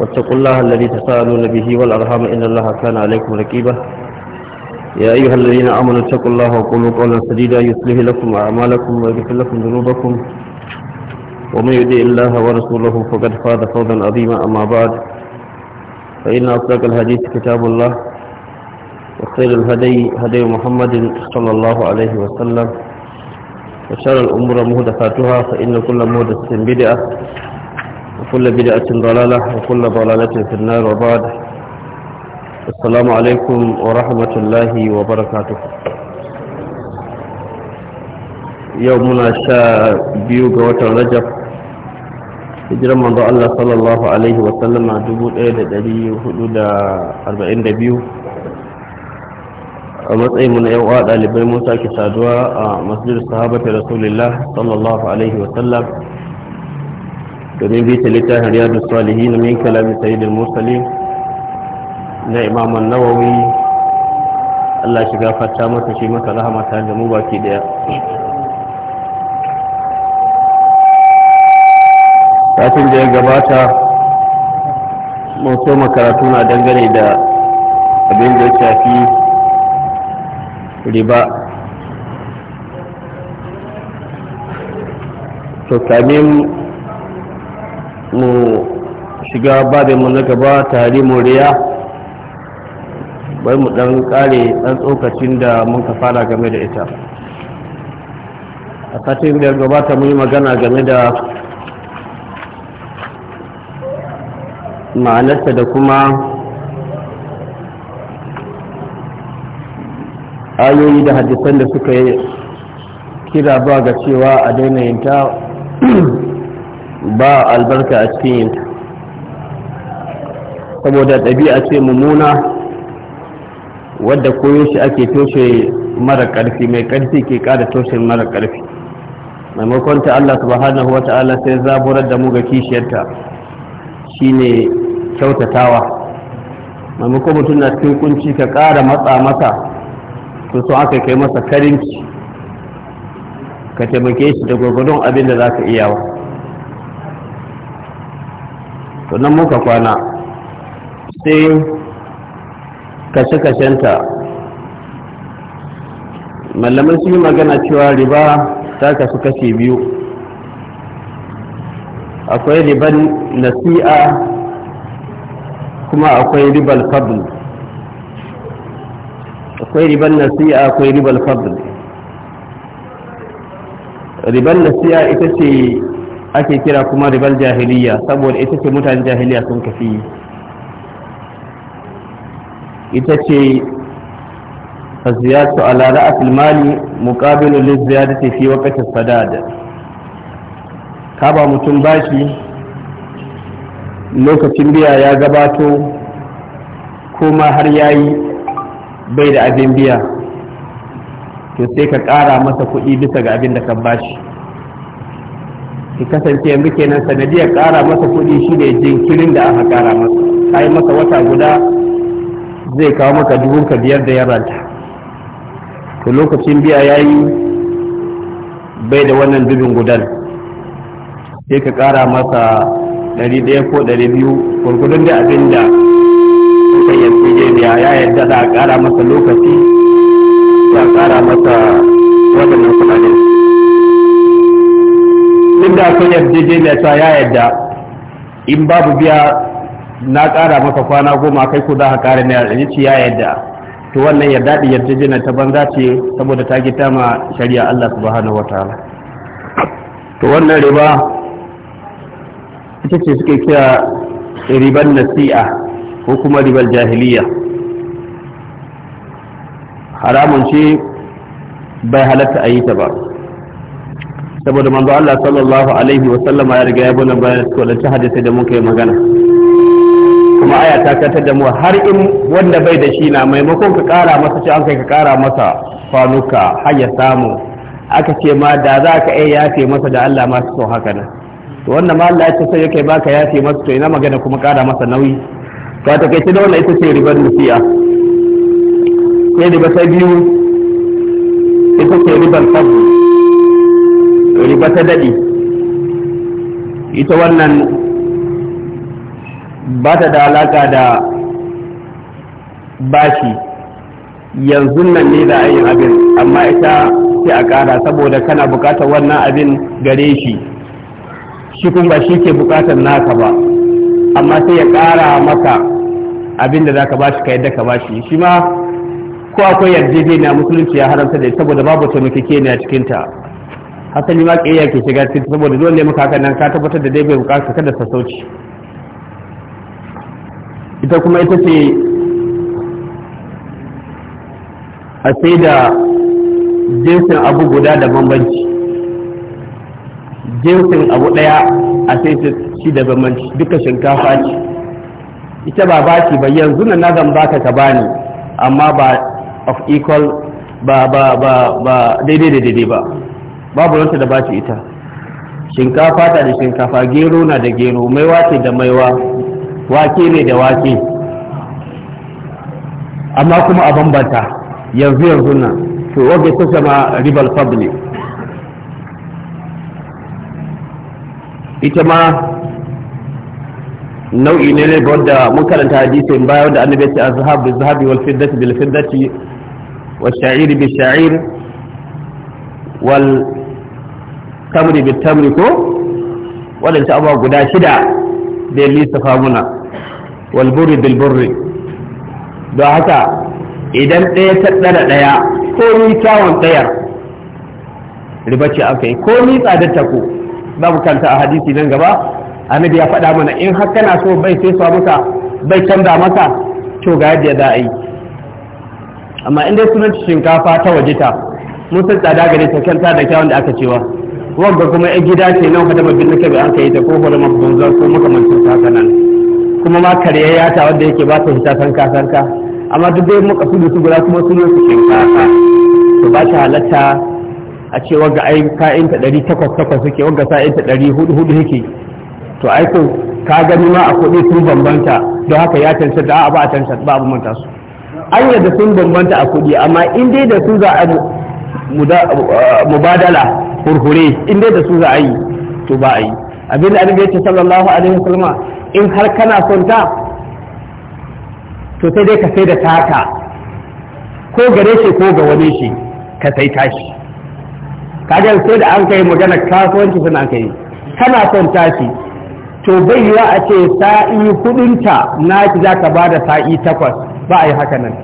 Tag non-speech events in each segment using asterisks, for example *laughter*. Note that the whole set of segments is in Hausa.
واتقوا الله الذي تساءلون به والأرحام إن الله كان عليكم ركيبا يا أيها الذين آمنوا اتقوا الله وقولوا قولا سديدا يصلح لكم أعمالكم ويغفر لكم ذنوبكم ومن يطع الله ورسوله فقد فاز فوزا عظيما أما بعد فإن أصدق الحديث كتاب الله وخير الهدي هدي محمد صلى الله عليه وسلم وشر الأمور مهدفاتها فإن كل مهدف بدعة وكل بدعة ضلالة وكل ضلالة في النار وبعد السلام عليكم ورحمة الله وبركاته يومنا شاء بيوغ وترجب hijiran manzo Allah sallallahu alaihi wa sallama 1442 a matsayin mu na yan uwa dalibai mun sake saduwa a masjidin sahabata rasulullah sallallahu alaihi wa sallam domin bita littafin riyadu na min kalami sayidin musali na imaman nawawi Allah shi gafarta masa shi masa rahama ta da mu baki daya satin da ya gabata mun makaratu na dangane da abin da ya shafi riba to kamin mu shiga mu na gaba tare moriya bai mu dan kare dan tsokacin da mun ka fara game da ita a satin da gabata mun yi magana game da ma'anarsa da kuma ayoyi da hadisan da suka yi kira ba ga cewa a daina yin ta *clears throat* ba albarka a cikin yin saboda ɗabi'a ce mummuna wadda koyo shi ake toshe mara ƙarfi mai ƙarfi ke ƙara toshe mara ƙarfi maimakon ta Allah subhanahu wa ta'ala sai zaburar da mu ga kishiyarta shine kyautatawa maimakon mutum na cikin kunci ka ƙara matsa masa to so aka kai masa karinci ka taimake shi da gwagwadon abin da za ka iyawa to nan muka kwana sai kashe-kashenta Mallamin su yi magana cewa riba ta kasu kashe biyu akwai riban nasi'a kuma akwai riban fadl akwai riban nasi'a akwai riban fadl riban nasi'a ita ce ake kira kuma ribar jahiliya saboda ita ce mutanen jahiliya sun kafi ita ce alara ala ra'atul mali muqabilu lil ziyadati fi waqti sadad ka ba mutum bashi lokacin biya ya gabato kuma har yayi bai da abin biya to sai ka ƙara masa kuɗi bisa ga abin da ka bashi ki kasance yanzu kenan sanadiyar kara masa kuɗi shi ne jinkirin da aka ƙara masa ka yi masa wata guda zai kawo maka dubun ka biyar da ta to lokacin biya ya yi bai da wannan dubin gudan sai ka kara masa ɗari ɗaya ko ɗari biyu gurgudun da abin da suka yanzu ya yarda da a ƙara masa lokaci ya kara masa waɗannan kuɗaɗen inda akwai yarjejeniya ta ya yadda in babu biya na ƙara maka kwana goma kai ko za ka ƙara ne a ce ya yadda to wannan yarda ɗin yarjejeniya ta banza ce saboda ta gita ma shari'a Allah subhanahu wataala to wannan riba ita ce suke kira ribar nasi'a ko kuma ribar jahiliya haramun ce bai halatta a yi ta ba saboda manzo Allah sallallahu alaihi wa sallama ya riga ya bana bayan da hadisi da muka yi magana kuma aya ta katar da mu har in wanda bai da shi na maimakon ka kara masa ci an kai ka kara masa kwanuka har ya samu aka ce ma da za ka iya yafe masa da Allah ma so haka nan to wanda ma Allah ya ce sai yake kai baka yafe masa to ina magana kuma kara masa nauyi to ta kai da wannan ita ce ribar musiya sai riba ta biyu ita ce ribar sabu riba ta daɗe ita wannan ba ta da alaƙa da bashi yanzu nan ne da ayin abin amma ita sai a ƙara saboda kana buƙatar wannan abin gare shi shi kuma shi ke buƙatar naka ba amma sai ya ƙara maka abin da za ka bashi ka yadda ka bashi shi ma ko akwai yarjejeniya musulunci ya haramta da saboda babu taimakekeniya cikinta hasali ma ƙiyayya ke shiga cikin saboda dole maka hakan nan ka tabbatar da dai bai bukata kada sassauci ita kuma ita ce a sai da jinsin abu guda da bambanci jinsin abu ɗaya a sai shi da bambanci duka shinkafa ce ita ba baki ba yanzu na na zan baka ka bani amma ba of equal ba ba ba ba daidai da daidai ba babu ranta da baci ita shinkafa ta da shinkafa gero na da gero maiwa ce da maiwa wake ne da wake amma kuma a bambanta yanzu yanzu nan to wajen ta sama ribar fadli ita ma nau'i ne ne wanda mun karanta hadisin baya wanda annabi ya ce azhab bi zahabi wal fiddati bil fiddati wa sha'ir bi sha'ir wal tamri bi tamri ko waɗanda abuwa guda shida da ya lissafa muna bil burri don haka idan ɗaya ta ɗara ɗaya ko ni kyawun ɗayar riba ce aka yi ko ni tsadar ta ko za mu kanta a hadisi nan gaba annabi ya faɗa mana in har kana so bai sai sa maka bai canza maka to ga yadda za a yi amma in dai sunan shinkafa ta waje ta mun san tsada gare ta kyanta da kyawun da aka cewa wanda kuma ya gida ce nan kada babin nake bai an kai ta ko hore mabdunzar ko makamancin haka nan kuma ma karya ya ta wanda yake ba ta hita sanka sanka amma duk dai muka su su guda kuma sun su shinkafa to ba ta halatta a ce wanga ai ka'in ta 800 suke wanga sa'in ta 400 yake to ai ko ka gani ma a kuɗi sun bambanta don haka ya tantance da ba a tantance ba abu manta su an yadda sun bambanta a kuɗi amma in dai da su za a eh, mubadala hurhure in dai da su za a yi to ba a yi abin da annabi ta sallallahu alaihi wasallam in har kana son ta to sai dai ka sai da taka ko gare shi ko ga wani shi ka sai tashi kaga sai da an kai magana kasuwanci sun an kai kana son tashi to bai yiwa a ce sa'i kudinta na ki za ka bada sa'i takwas ba a yi haka nan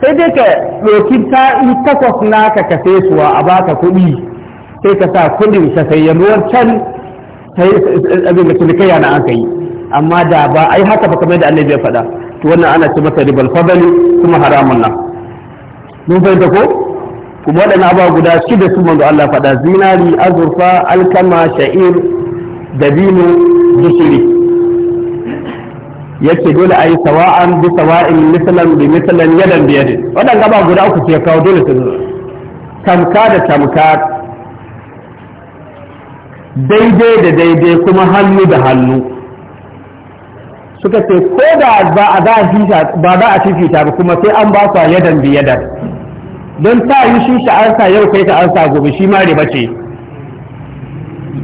sai dai ka ɗauki sa'i takwas naka ka fesuwa a baka kuɗi sai ka sa kudin sa sai ya can sai abin da cinikayya na aka yi amma da ba ai haka ba kamar da annabi ya faɗa to wannan ana ce masa ribal fadali kuma haramun nan mun fahimta ko kuma waɗannan abubuwa guda shida su manzo Allah faɗa zinari azurfa alkama sha'ir dabino gishiri yake dole a yi sawa'an bi sawa'in misalan bi misalan yadan bi yadin waɗanda ba guda uku ce kawo dole su tamka da tamka daidai da daidai kuma hannu da hannu suka ce ko da ba za a fifita ba kuma sai an ba su yadan biyadar don ta yi shi sha'arsa yau kai sa gobe shi ma riba ce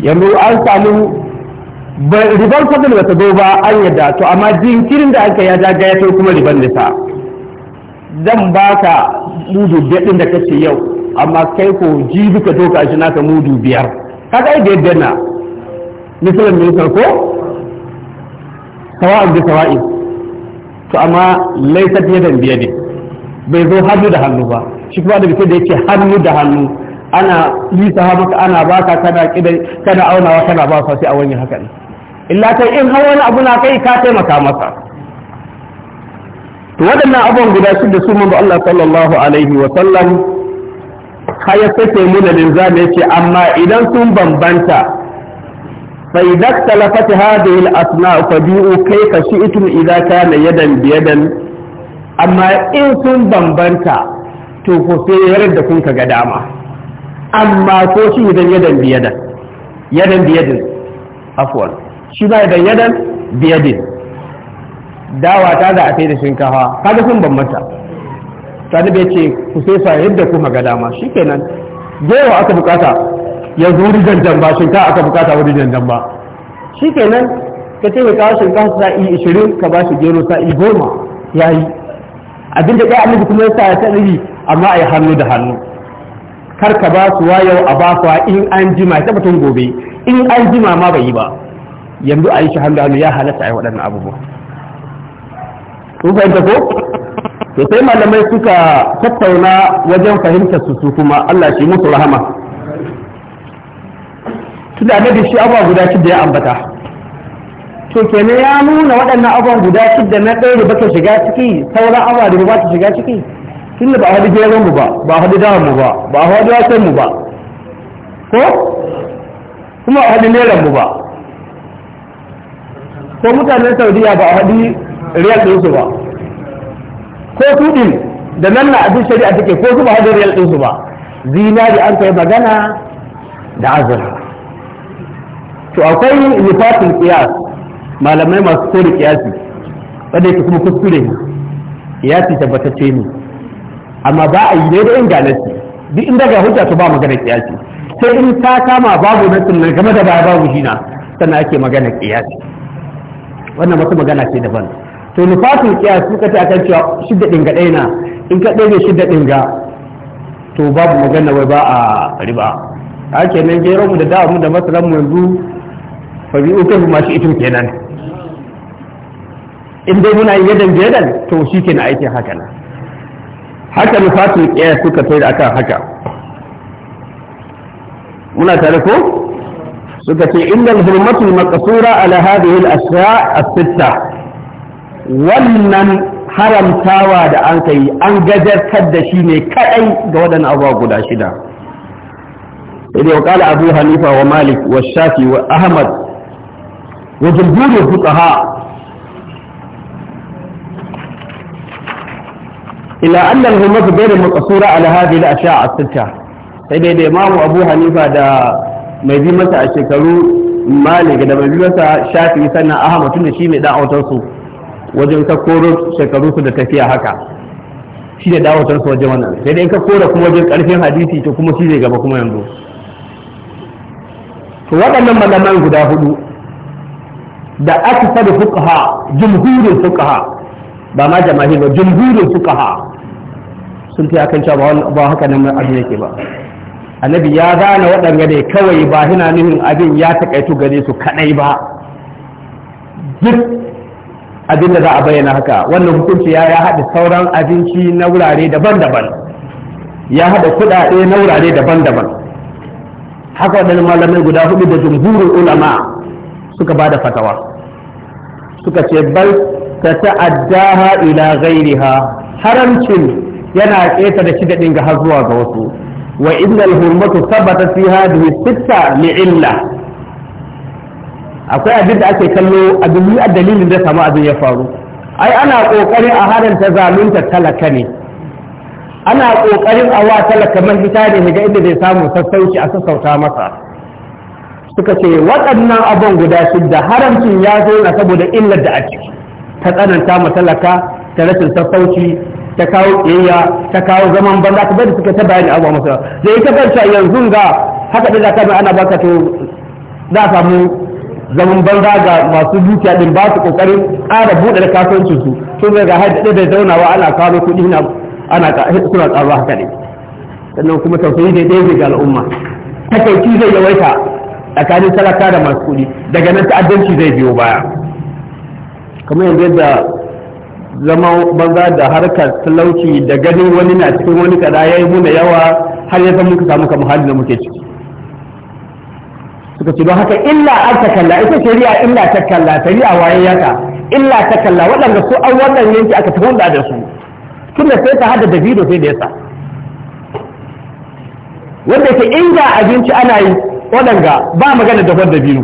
yanzu an samu ribar fadil ba ta zo ba an yadda to amma jinkirin da aka ya daga ya kuma ribar nisa zan ba ka mudu biyar ɗin da kace yau amma kai ko jibi ka doka shi naka mudu biyar kaga ai biyar biyar na misalin milisar ko sawa'in da sawa'in to amma yadda biya ne bai zo hannu da hannu ba shi kuma da bisa da yake hannu da hannu ana lisa maka ana ka kana kidan kana aunawa kana ba sai a wani haka ne illa kai in har wani abu na kai ka taimaka masa to waɗannan abubuwan guda shi da su manzo Allah sallallahu alaihi wa sallam har ya sake muna linzami yace amma idan sun bambanta sai dakta lafati hadhihi al-asma fa shi kayfa idan idza na yadan biyadan amma in sun bambanta to ku sai yarar da kun ga dama amma ko shi idan yadan biyadan yadan biyadin afwan shi ba idan yadan biyadin dawa ta da a sai da shinkafa kaga sun bambanta sani bai ce ku sai sa yadda kuma ga dama shi nan gowa aka bukata yanzu wuri janjan ba shinkafa aka bukata wuri janjan ba nan ka ce mai kawo shinkafa sa'i ishirin ka ba shi gero sa'i goma ya yi abin da ya annabi kuma ya ya tsanani amma a yi hannu da hannu kar ka ba su wayau a ba su in an jima ya tabbatun gobe in an jima ma bai yi ba yanzu a yi shi hannu da hannu ya halatta a yi waɗannan abubuwa kun fahimta ko to sai malamai suka tattauna wajen fahimtar su su kuma Allah shi musu rahama tunda da shi abuwa guda shidda ya ambata to kenan ya nuna waɗannan abuwa guda shidda na ɗaya da baka shiga ciki sauran abuwa da ba ta shiga ciki da ba a hadu geron mu ba ba a hadu dawon mu ba ba a hadu wasan mu ba ko kuma a hadu neran mu ba ko mutanen saudiya ba a hadu riyal ɗinsu ba ko tudin da nan na abin shari'a take ko zuba hadin riyal ɗinsu ba zinari an kai magana da azurfa to akwai nifatul qiyas malamai masu kore qiyasi wanda yake kuma kuskure ne qiyasi tabbatacce ne amma ba a yi daidai in galanci duk inda ga hujja to ba magana qiyasi sai in ta kama babu na sunna game da baya babu shi na sannan ake magana qiyasi wannan wata magana ce daban to nufatul su suka ta akan cewa shidda ɗinga ɗaya na in ka ɗaya shidda ɗinga, to babu magana wai ba a riba a kenan gero mu da da'a mu da masalan mu yanzu fa bi ukan ma masu itin kenan in dai muna yin yadan jadan to shi ke na aikin haka na haka nufatul su ka ta da akan haka muna tare ko suka ce innal hurmatul maqsura ala hadhihi al-ashya' as-sittah wannan haramtawa da an kai an gajartar da shi ne kadai ga waɗannan abubuwa guda shida sai ya kala abu hanifa wa malik wa shafi wa ahmad wa jirgin fuqaha ila anna al-hummatu ghayr maqsura ala hadhihi al-ashya' as-sittah sai dai da imamu abu hanifa da mai bi masa a shekaru malik da mai bi masa shafi sannan ahmad tunda shi shine dan autar su wajen ka koro shekaru su da tafiya haka shi ne dawatar su wajen wannan sai dai ka kora kuma wajen karfin hadisi to kuma shi zai gaba kuma yanzu to waɗannan malaman guda hudu da aka da fuqaha jumhurin fuqaha ba ma jama'i ba jumhurin fuqaha sun fi kan cewa ba haka nan abu yake ba annabi ya gane waɗanda ne kawai ba hina nihin abin ya takaitu gare su kaɗai ba duk abin da za a bayyana haka wannan hukunci ya ya haɗa sauran abinci na wurare daban-daban ya haɗa kuɗaɗe na wurare daban-daban haka waɗannan malamai guda hudu da jumhurin ulama suka ba da fatawa suka ce bal ta ta'addaha ila ghairiha haramcin yana ƙeta da shi daɗin ga har zuwa ga wasu wa innal hurmatu sabata fi hadhihi sitta li akwai abin da ake kallo abin a dalilin da samu abin ya faru ai ana kokarin a haranta zalunta talaka ne ana kokarin a wa talaka mahita ne ga inda zai samu sassauci a sassauta masa suka ce waɗannan abin guda shidda haramcin ya zo na saboda illar da a ciki ta tsananta ma talaka ta rashin sassauci ta kawo ƙiyayya ta kawo zaman banza ta bari suka ta bayani abuwa masu da ita kanta yanzu ga haka da zaka ana baka to za a samu zaman banza ga masu dukiya din ba su kokarin ƙara buɗe da kasuwancin su to zai ga haɗe da zaunawa ana kawo kuɗi na ana suna tsaro haka ne sannan kuma tausayi da ɗaya ga al'umma takaici zai yawaita tsakanin talaka da masu kuɗi daga nan ta'addanci zai biyo baya kamar yanzu yadda zama banza da harkar talauci da ganin wani na cikin wani kada ya yi muna yawa har ya san muka samu kamar halin da muke ciki suka ce don haka illa an ta kalla ita riya illa ta kalla riya waye yaka illa ta kalla waɗanda su an wannan yanki aka tafi da su tun da sai ta hada da bido sai da yasa wanda ke inda abinci ana yi waɗanga ba magana da wanda biyu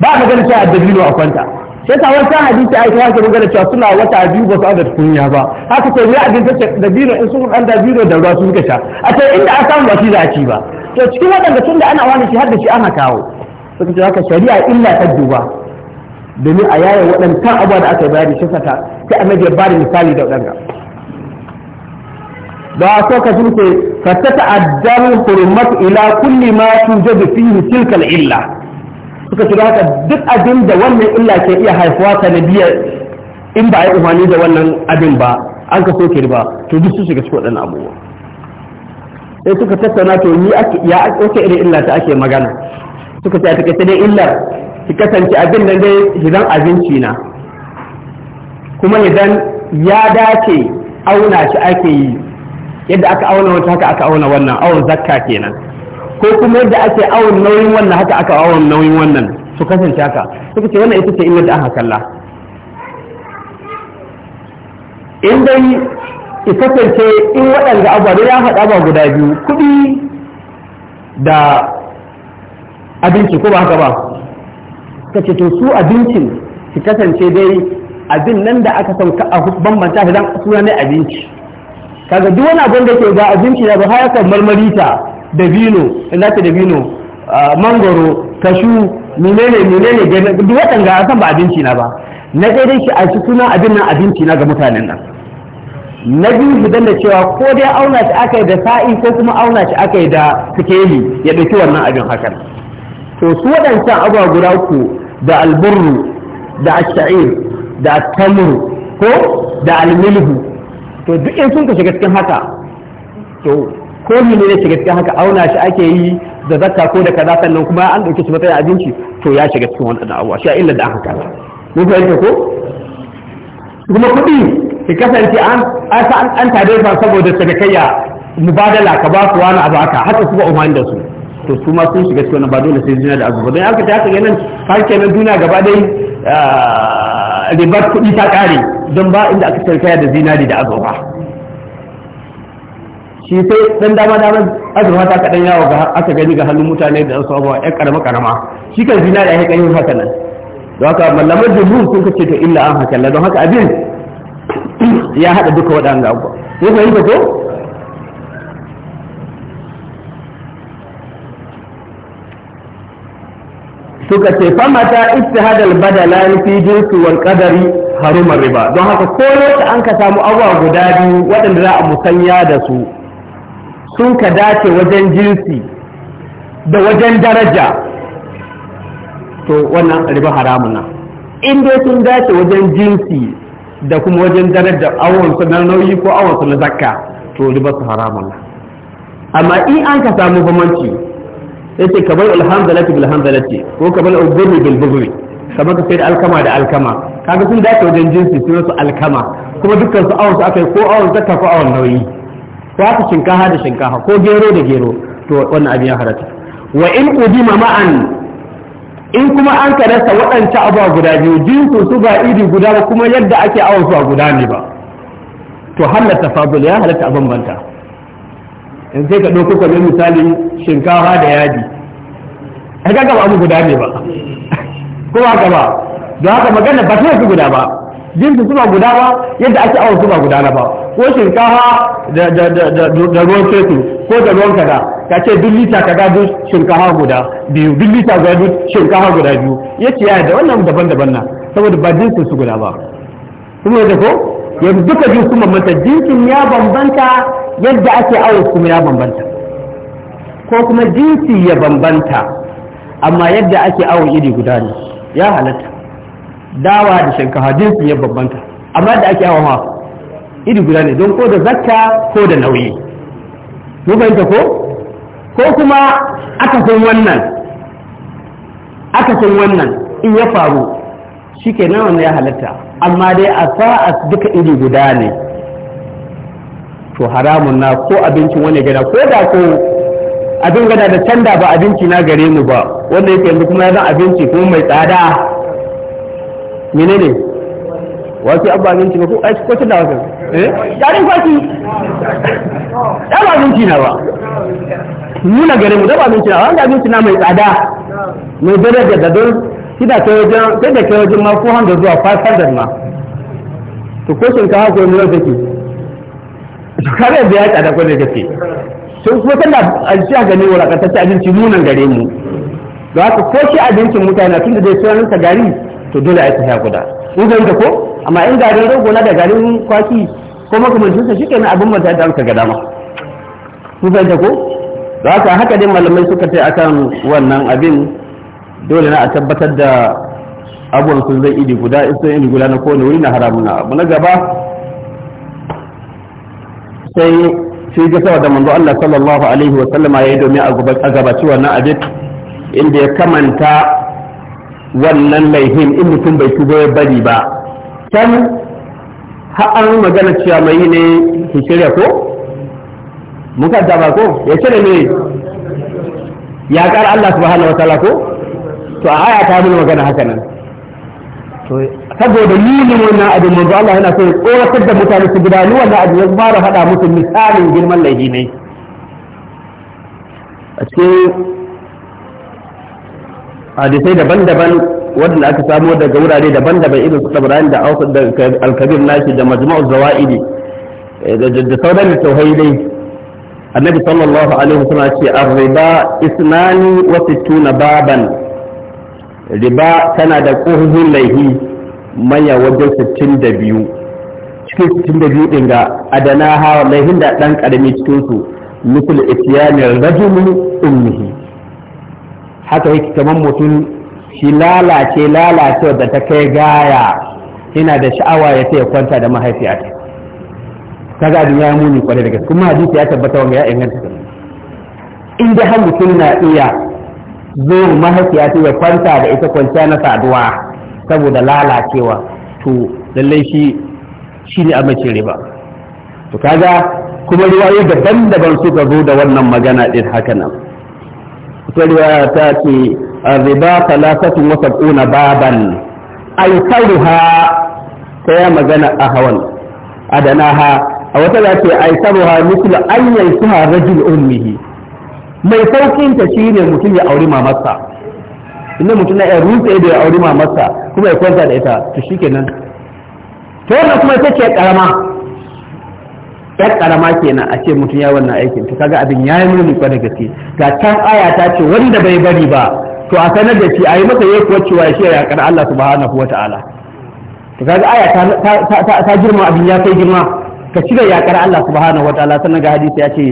ba magana cewa da biyu a kwanta sai ta wata hadisi ai ta haka magana cewa suna wata biyu ba su ada kunya ba haka sai ya abinci da biyu in sun da biyu da ruwa sun kasha a ce inda aka samu ba shi za a ci ba to cikin waɗanda tun da ana wani shi har da shi ana kawo suka ce haka shari'a illa ta duba domin a yaya waɗannan abuwa da aka yi bayani shi sata sai annabi ya bada misali da waɗanda da so ka jinke ka ta ta'addar hurmat ila kulli ma tujadu fihi tilkal illa suka ce haka duk abin da wannan illa ke iya haifuwa sanadiyar in ba a yi umarni da wannan abin ba an ka soke ba to duk su shiga cikin waɗannan abubuwa sai suka tattauna to yi ya ake irin illa ta ake magana suka ce a take dai illar ki kasance abin nan dai hidan abinci na kuma idan ya dace auna shi ake yi yadda aka auna wata haka aka auna wannan awon zakka kenan ko kuma yadda ake awon nauyin wannan haka aka awon nauyin wannan su kasance haka suka ce wannan ita ce illar da aka kalla in dai kasance in waɗanda abuwa ya faɗa ba guda biyu kuɗi da abinci ko ba haka ba ka ce to su abincin ki kasance dai abin nan da aka san a bambanta shi dan suna ne abinci kaga duk wani abin da ke ga abinci ya ba haka marmarita, ta da vino ina ce da vino mangoro kashu menene menene duk waɗanda a san ba abinci na ba na ɗaya dai shi a suna abin nan abinci na ga mutanen nan na biyu su danda cewa ko dai auna shi aka yi da sa'i ko kuma auna shi aka yi da sikeli ya ɗauki wannan abin hakan to su waɗancan abuwa guda ku da alburru da asha'ir da tamur ko da almilhu to duk in sun ka shiga cikin haka to ko ne ne shiga cikin haka auna shi ake yi da zakka ko da kaza sannan kuma an ɗauki shi matsayin abinci to ya shiga cikin wannan abuwa shi a illa da aka kasa mun fahimta ko kuma kuɗi ki kasance an an an tare ba saboda sadakayya mubadala ka ba su wani abu haka haka kuma umarni da su to su ma sun shiga cikin ba dole sai duniya da azuba don haka ta ganin har kenan juna gaba dai ah, ribar kuɗi ta ƙare don ba inda aka sarkaya da zinari da azuba shi sai dan dama dama azuba ta kaɗan yawo ga aka gani ga hannun mutane da su abuwa ƴan karama karama shi kan zinari a haƙa yin haka nan don haka malamar da sun kace ta illa an haka don haka abin ya haɗa duka waɗanda abuwa ya fahimta ko suka ce famata hadal badala fi jinsi wal ƙadari harumar riba don haka ko ta an ka samu abuwa guda biyu waɗanda za a musanya da su sun ka dace wajen jinsi da wajen daraja to wannan riba haramuna in dai sun dace wajen jinsi da kuma wajen darajar awon su na nauyi ko awon su na zakka to riba su haramun amma in an ka samu bamanci yace kabar alhamdulillah bil hamdalati ko kamar ubudi bil bugri kamar ka sai alkama da alkama kaga sun dace wajen jinsi sun su alkama kuma dukkan su awon su akai ko awon zakka ko awon nauyi ko aka shinkaha da shinkaha, ko gero da gero to wannan abin ya harata wa in qudima ma'an in kuma an ka rasa waɗancan abuwa guda biyu jinsu su ba iri guda ba kuma yadda ake awon su a guda ne ba to halatta fabul ya halatta a bambanta in sai ka ɗauko kamar misali shinkafa da yadi a ga gaba abu guda ne ba *laughs* kuma ka ba don haka magana ba su guda ba jinsu su ba guda ba yadda ake awon su ba guda na ba ko shinkafa da ruwan fetur ko da ruwan kaza ka ce duk lita ka gado shinkafa guda biyu duk lita guda duk shinkafa guda biyu Ya ce ya da wannan daban-daban na saboda ba jinsin su guda ba kuma yadda ko yanzu duka biyu kuma mata jinsin ya bambanta yadda ake awo kuma ya bambanta ko kuma jinsi ya bambanta amma yadda ake awo iri guda ne ya halatta dawa da shinkafa jinsin ya bambanta amma yadda ake awo ma iri guda ne don ko da zakka ko da nauyi mun fahimta ko ko kuma aka san wannan aka san wannan in ya faru shi ke nan wanda ya halatta amma dai a sa'a duka iri guda ne to haramun na ko abincin wani gada ko da ko abin gada da canda ba abinci na gare mu ba wanda yake yanzu kuma ya zan abinci kuma mai tsada menene wasu abu abinci ba ko aiki ko da wasu eh garin kwaki abinci na ba nuna garin mu da abinci na ba wanda abinci na mai tsada mai daraja da don kida kai wajen sai da kai wajen ma ko handa zuwa 500 ma to ko shinkafa ko mura take to kare da ya tsada ko da gaske sun kuma tana a cikin gani wulakantacce abinci nunan gare mu da haka ko shi abincin mutane tun da dai sauran sa gari to dole a yi ta guda kun ga ko amma in garin rogo na da garin kwaki ko sa shike ne abin manta da ka ga dama ku fahimta ko da haka haka dai malamai suka ce akan wannan abin dole na a tabbatar da abuwan sun zai idi guda isan iri guda na kowane wuri na haramuna abu na gaba sai shi ga sawa da manzo Allah sallallahu alaihi wa sallama yayi domin a gabaci wannan abin inda ya kamanta wannan laihin in mutum bai tuba ya bari ba can har magana cewa mai ne ki shirya ko muka ba ko ya shirya ne ya kar Allah subhanahu wataala ko to a aya ta mun magana haka nan to saboda nilin wannan abin manzo Allah yana so ya tsoratar da mutane su gudanu wannan abin ya fara hada musu misalin girman laifi ne a cikin hadisai daban-daban wanda aka samo daga wurare daban-daban irin su tabarani da ausar da alkabir nashi da majmu'u zawa'idi eh, da sauran littauhai dai annabi sallallahu alaihi wasallam ce ar-riba isnani wa sittuna baban riba tana da kohun laihi manya wajen 62 cikin 62 din ga adana hawa wallahi da dan karami cikin su misal itiyani rajulun ummihi haka yake kaman mutum shi lalace lalace da ta kai gaya yana da sha'awa ya ce ya kwanta da mahaifiya ta kaga ya muni kwarai da gaske kuma hadisi ya tabbata wanga ya inganta ta in da har mutum na iya zo mahaifiya ya kwanta da ita kwanciya na saduwa saboda lalacewa to lallai shi shi ne amince riba to kaga kuma riwayoyi daban-daban suka zo da wannan magana din haka nan ita riwaya ta ce الربا ثلاثة وسبعون بابا أيسرها كيا مغانا أهوان أدناها أو ثلاثة أيسرها مثل أن ينسها رجل أمه mai saukin ta shine mutum ya auri mamarsa inda mutum na ya rutse da ya auri mamarsa kuma ya kwanta da ita to shikenan to wannan kuma karama kenan a ce mutum ya wannan aikin to kaga abin yayi muni kwa da gaske ga can aya ta ce wanda bai bari ba to a sanar da shi a yi masa yi kuwa cewa shi ya kar Allah subhanahu wata'ala to kaga aya ta ta girma abin ya kai girma ka cire ya kar Allah subhanahu wata'ala sannan ga hadisi ya ce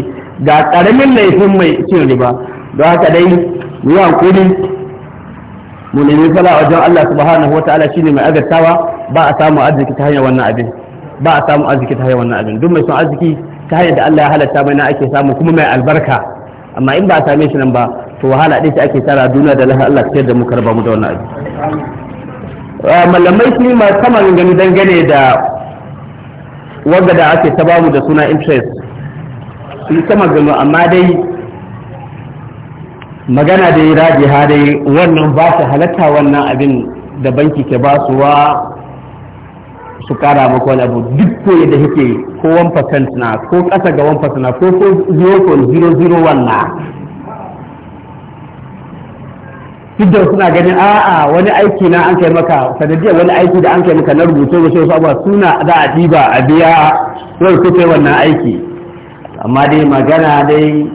ga karamin laifin mai cin riba don haka dai mu yi hankuri mu nemi sala wajen Allah subhanahu wata'ala shine mai azartawa ba a samu arziki ta hanyar wannan abin ba a samu arziki ta hanyar wannan abin duk mai son arziki ta hanyar da Allah ya halatta mai na ake samu kuma mai albarka amma in ba a same shi nan ba to wahala ɗin ake tara duniya da lahi Allah da mu karba mu da wannan aiki ah, malamai su ma sama gani dangane da wanda da ake ta bamu da suna interest su yi sama gano amma dai magana dai ha dai wannan ba su halatta wannan abin da banki ke ba su wa su kara maka wani abu duk ko da yake ko 1% na ko ƙasa ga 1% na ko 0.001 na duk suna ganin a'a wani aiki na an kai maka sanadiyar wani aiki da an kai maka na rubuce da shi abuwa suna za a diba a biya wani kuce wannan aiki amma dai magana dai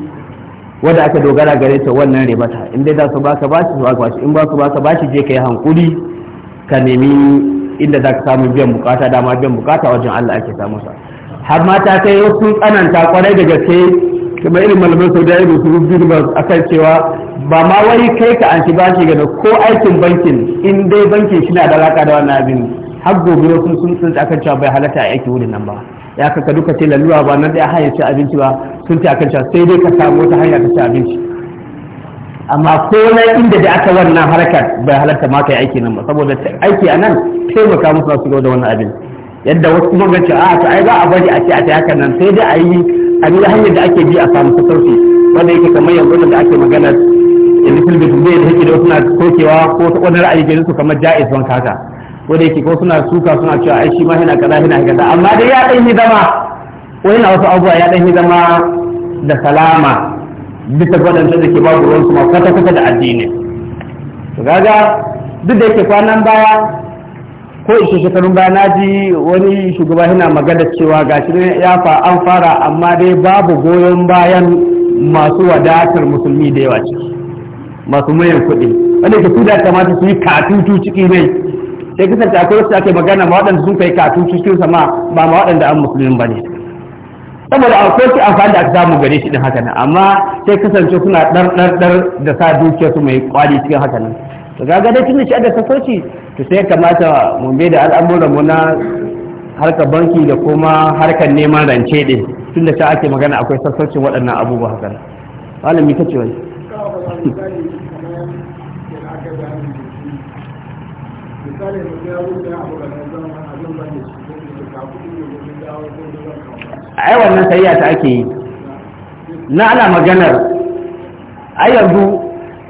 wanda aka dogara gare ta wannan ribata in dai za su baka bashi su ba bashi in ba su baka bashi je ka yi hankuri ka nemi inda za ka samu biyan bukata dama biyan bukata wajen Allah ake samu sa har mata kai wasu tsananta kwarai da gaske kamar irin malamin sau da irin su a akan cewa ba ma wai kai ka an ba shi gano ko aikin bankin in dai bankin shi na da alaka da wannan abin har gobe sun sun sun akan cewa bai halatta a aiki wurin nan ba ya kaka duka ce lalura ba nan da ya haya ci abinci ba sun ce akan cewa sai dai ka samu wata hanya ka ci abinci amma ko na inda da aka wannan harkar bai halatta ma kai aiki nan ba saboda aiki a nan taimaka musu su da wannan abin yadda wasu kuma gace a to ai ba a bari a ce a ta hakan nan sai dai a yi a hanyar da ake bi a samu sassauci wanda yake kamar yanzu da ake magana wani filbi zai da hake da suna sokewa ko ta wani ra'ayi gari su kamar ja'iz wanka ko da yake ko suna suka suna cewa ai shi ma yana kaza yana kaza amma dai ya dan zama wani na wasu abubuwa ya dan hidama da salama bisa gwadanta da ke babu su ma kwata kwata da addini to kaga duk da yake kwanan baya ko ishe shekarun baya na ji wani shugaba yana magana cewa shi ne ya fa an fara amma dai babu goyon bayan masu wadatar musulmi da yawa ciki masu mayan kuɗi wanda ke su da kamata su yi katutu ciki mai sai kasance akwai wasu ake magana ma waɗanda sun kai katutu cikin sama ba ma waɗanda an musulmin ba ne saboda akwai su amfani da aka samu gare shi din haka nan amma sai kasance suna ɗar ɗar ɗar da sa dukiyar su mai kwali cikin haka nan to ga gadai tun da shi da sasoci to sai kamata mu mai da al'amuran mu na harkar banki da kuma harkar neman rance din tun da shi ake magana akwai sassaucin waɗannan abubuwa haka nan malami ta ce wani ai wannan sayya ta ake yi na ana maganar ai yanzu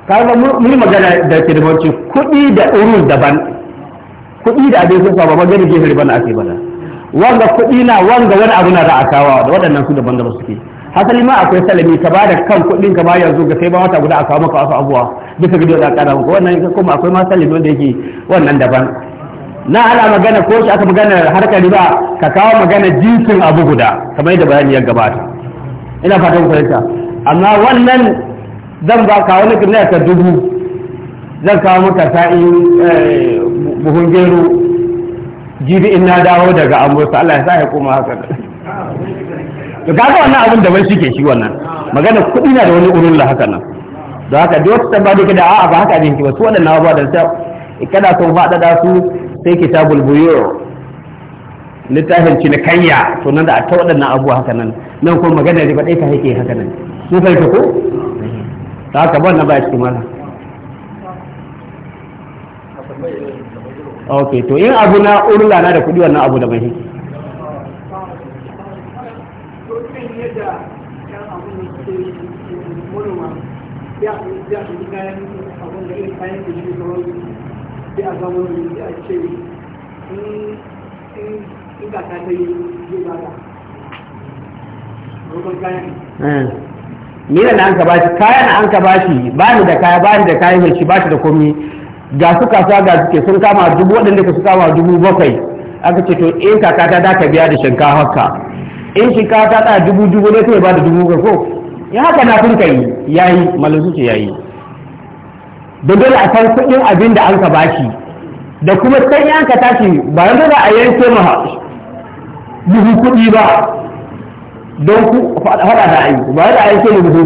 ga mun magana da kirmanci kuɗi da urus daban kuɗi da abin sun saba magana ke riba na ake bada wanga kuɗi na wanga wani abu na za a kawo da waɗannan su daban su suke hasali ma akwai salami ka bada kan kuɗin ka ba yanzu ga sai ba wata guda a kawo maka wasu abubuwa duka bidiyo da kara muku wannan kuma akwai ma salibi da yake wannan daban na ala magana ko shi aka magana harkar riba ka kawo magana jinsin abu guda kamar yadda bayani ya gabata ina fatan fahimta amma wannan zan ba ka wani kimiyya ta dubu zan kawo maka sa'i eh, buhun gero jibi in na dawo daga amurka Allah ya sa ya koma haka to kaga wannan abin da ban shike shi wannan magana kuɗi na da wani la haka nan don haka duk wata tabba da kada a'a ba haka abin ki ba su wadannan ba da ta kada sun da su sai kitabul buyur littafin kanya to nan da a ta wadannan abubuwa haka nan nan kuma magana ne ba dai ta hake haka nan su sai ko ta ka ba na ba shi mana ok to in abu na urla na da kudi wannan abu da bai ya ya kayan abin da irin kayan da shi kawai sai a zama wani da a ce in ka ta yi zai ba da rukun kayan ni da an ka bashi kayan an ka bashi ba ni da kaya ba ni da kayan mai shi ba da komi ga su kasuwa ga suke sun kama dubu waɗanda ka su kama dubu bakwai aka ce to in kaka ta da ka biya da shinkafa ka in shinkafa ta da dubu dubu ne kai ba da dubu ko in haka na kun kai yayi malamin ce yayi da dole a san kuɗin abin da an ka bashi da kuma san ya ka tashi ba yanzu za a yanke mu buhu kuɗi ba don ku faɗa da ai ba yanzu a yanke mu buhu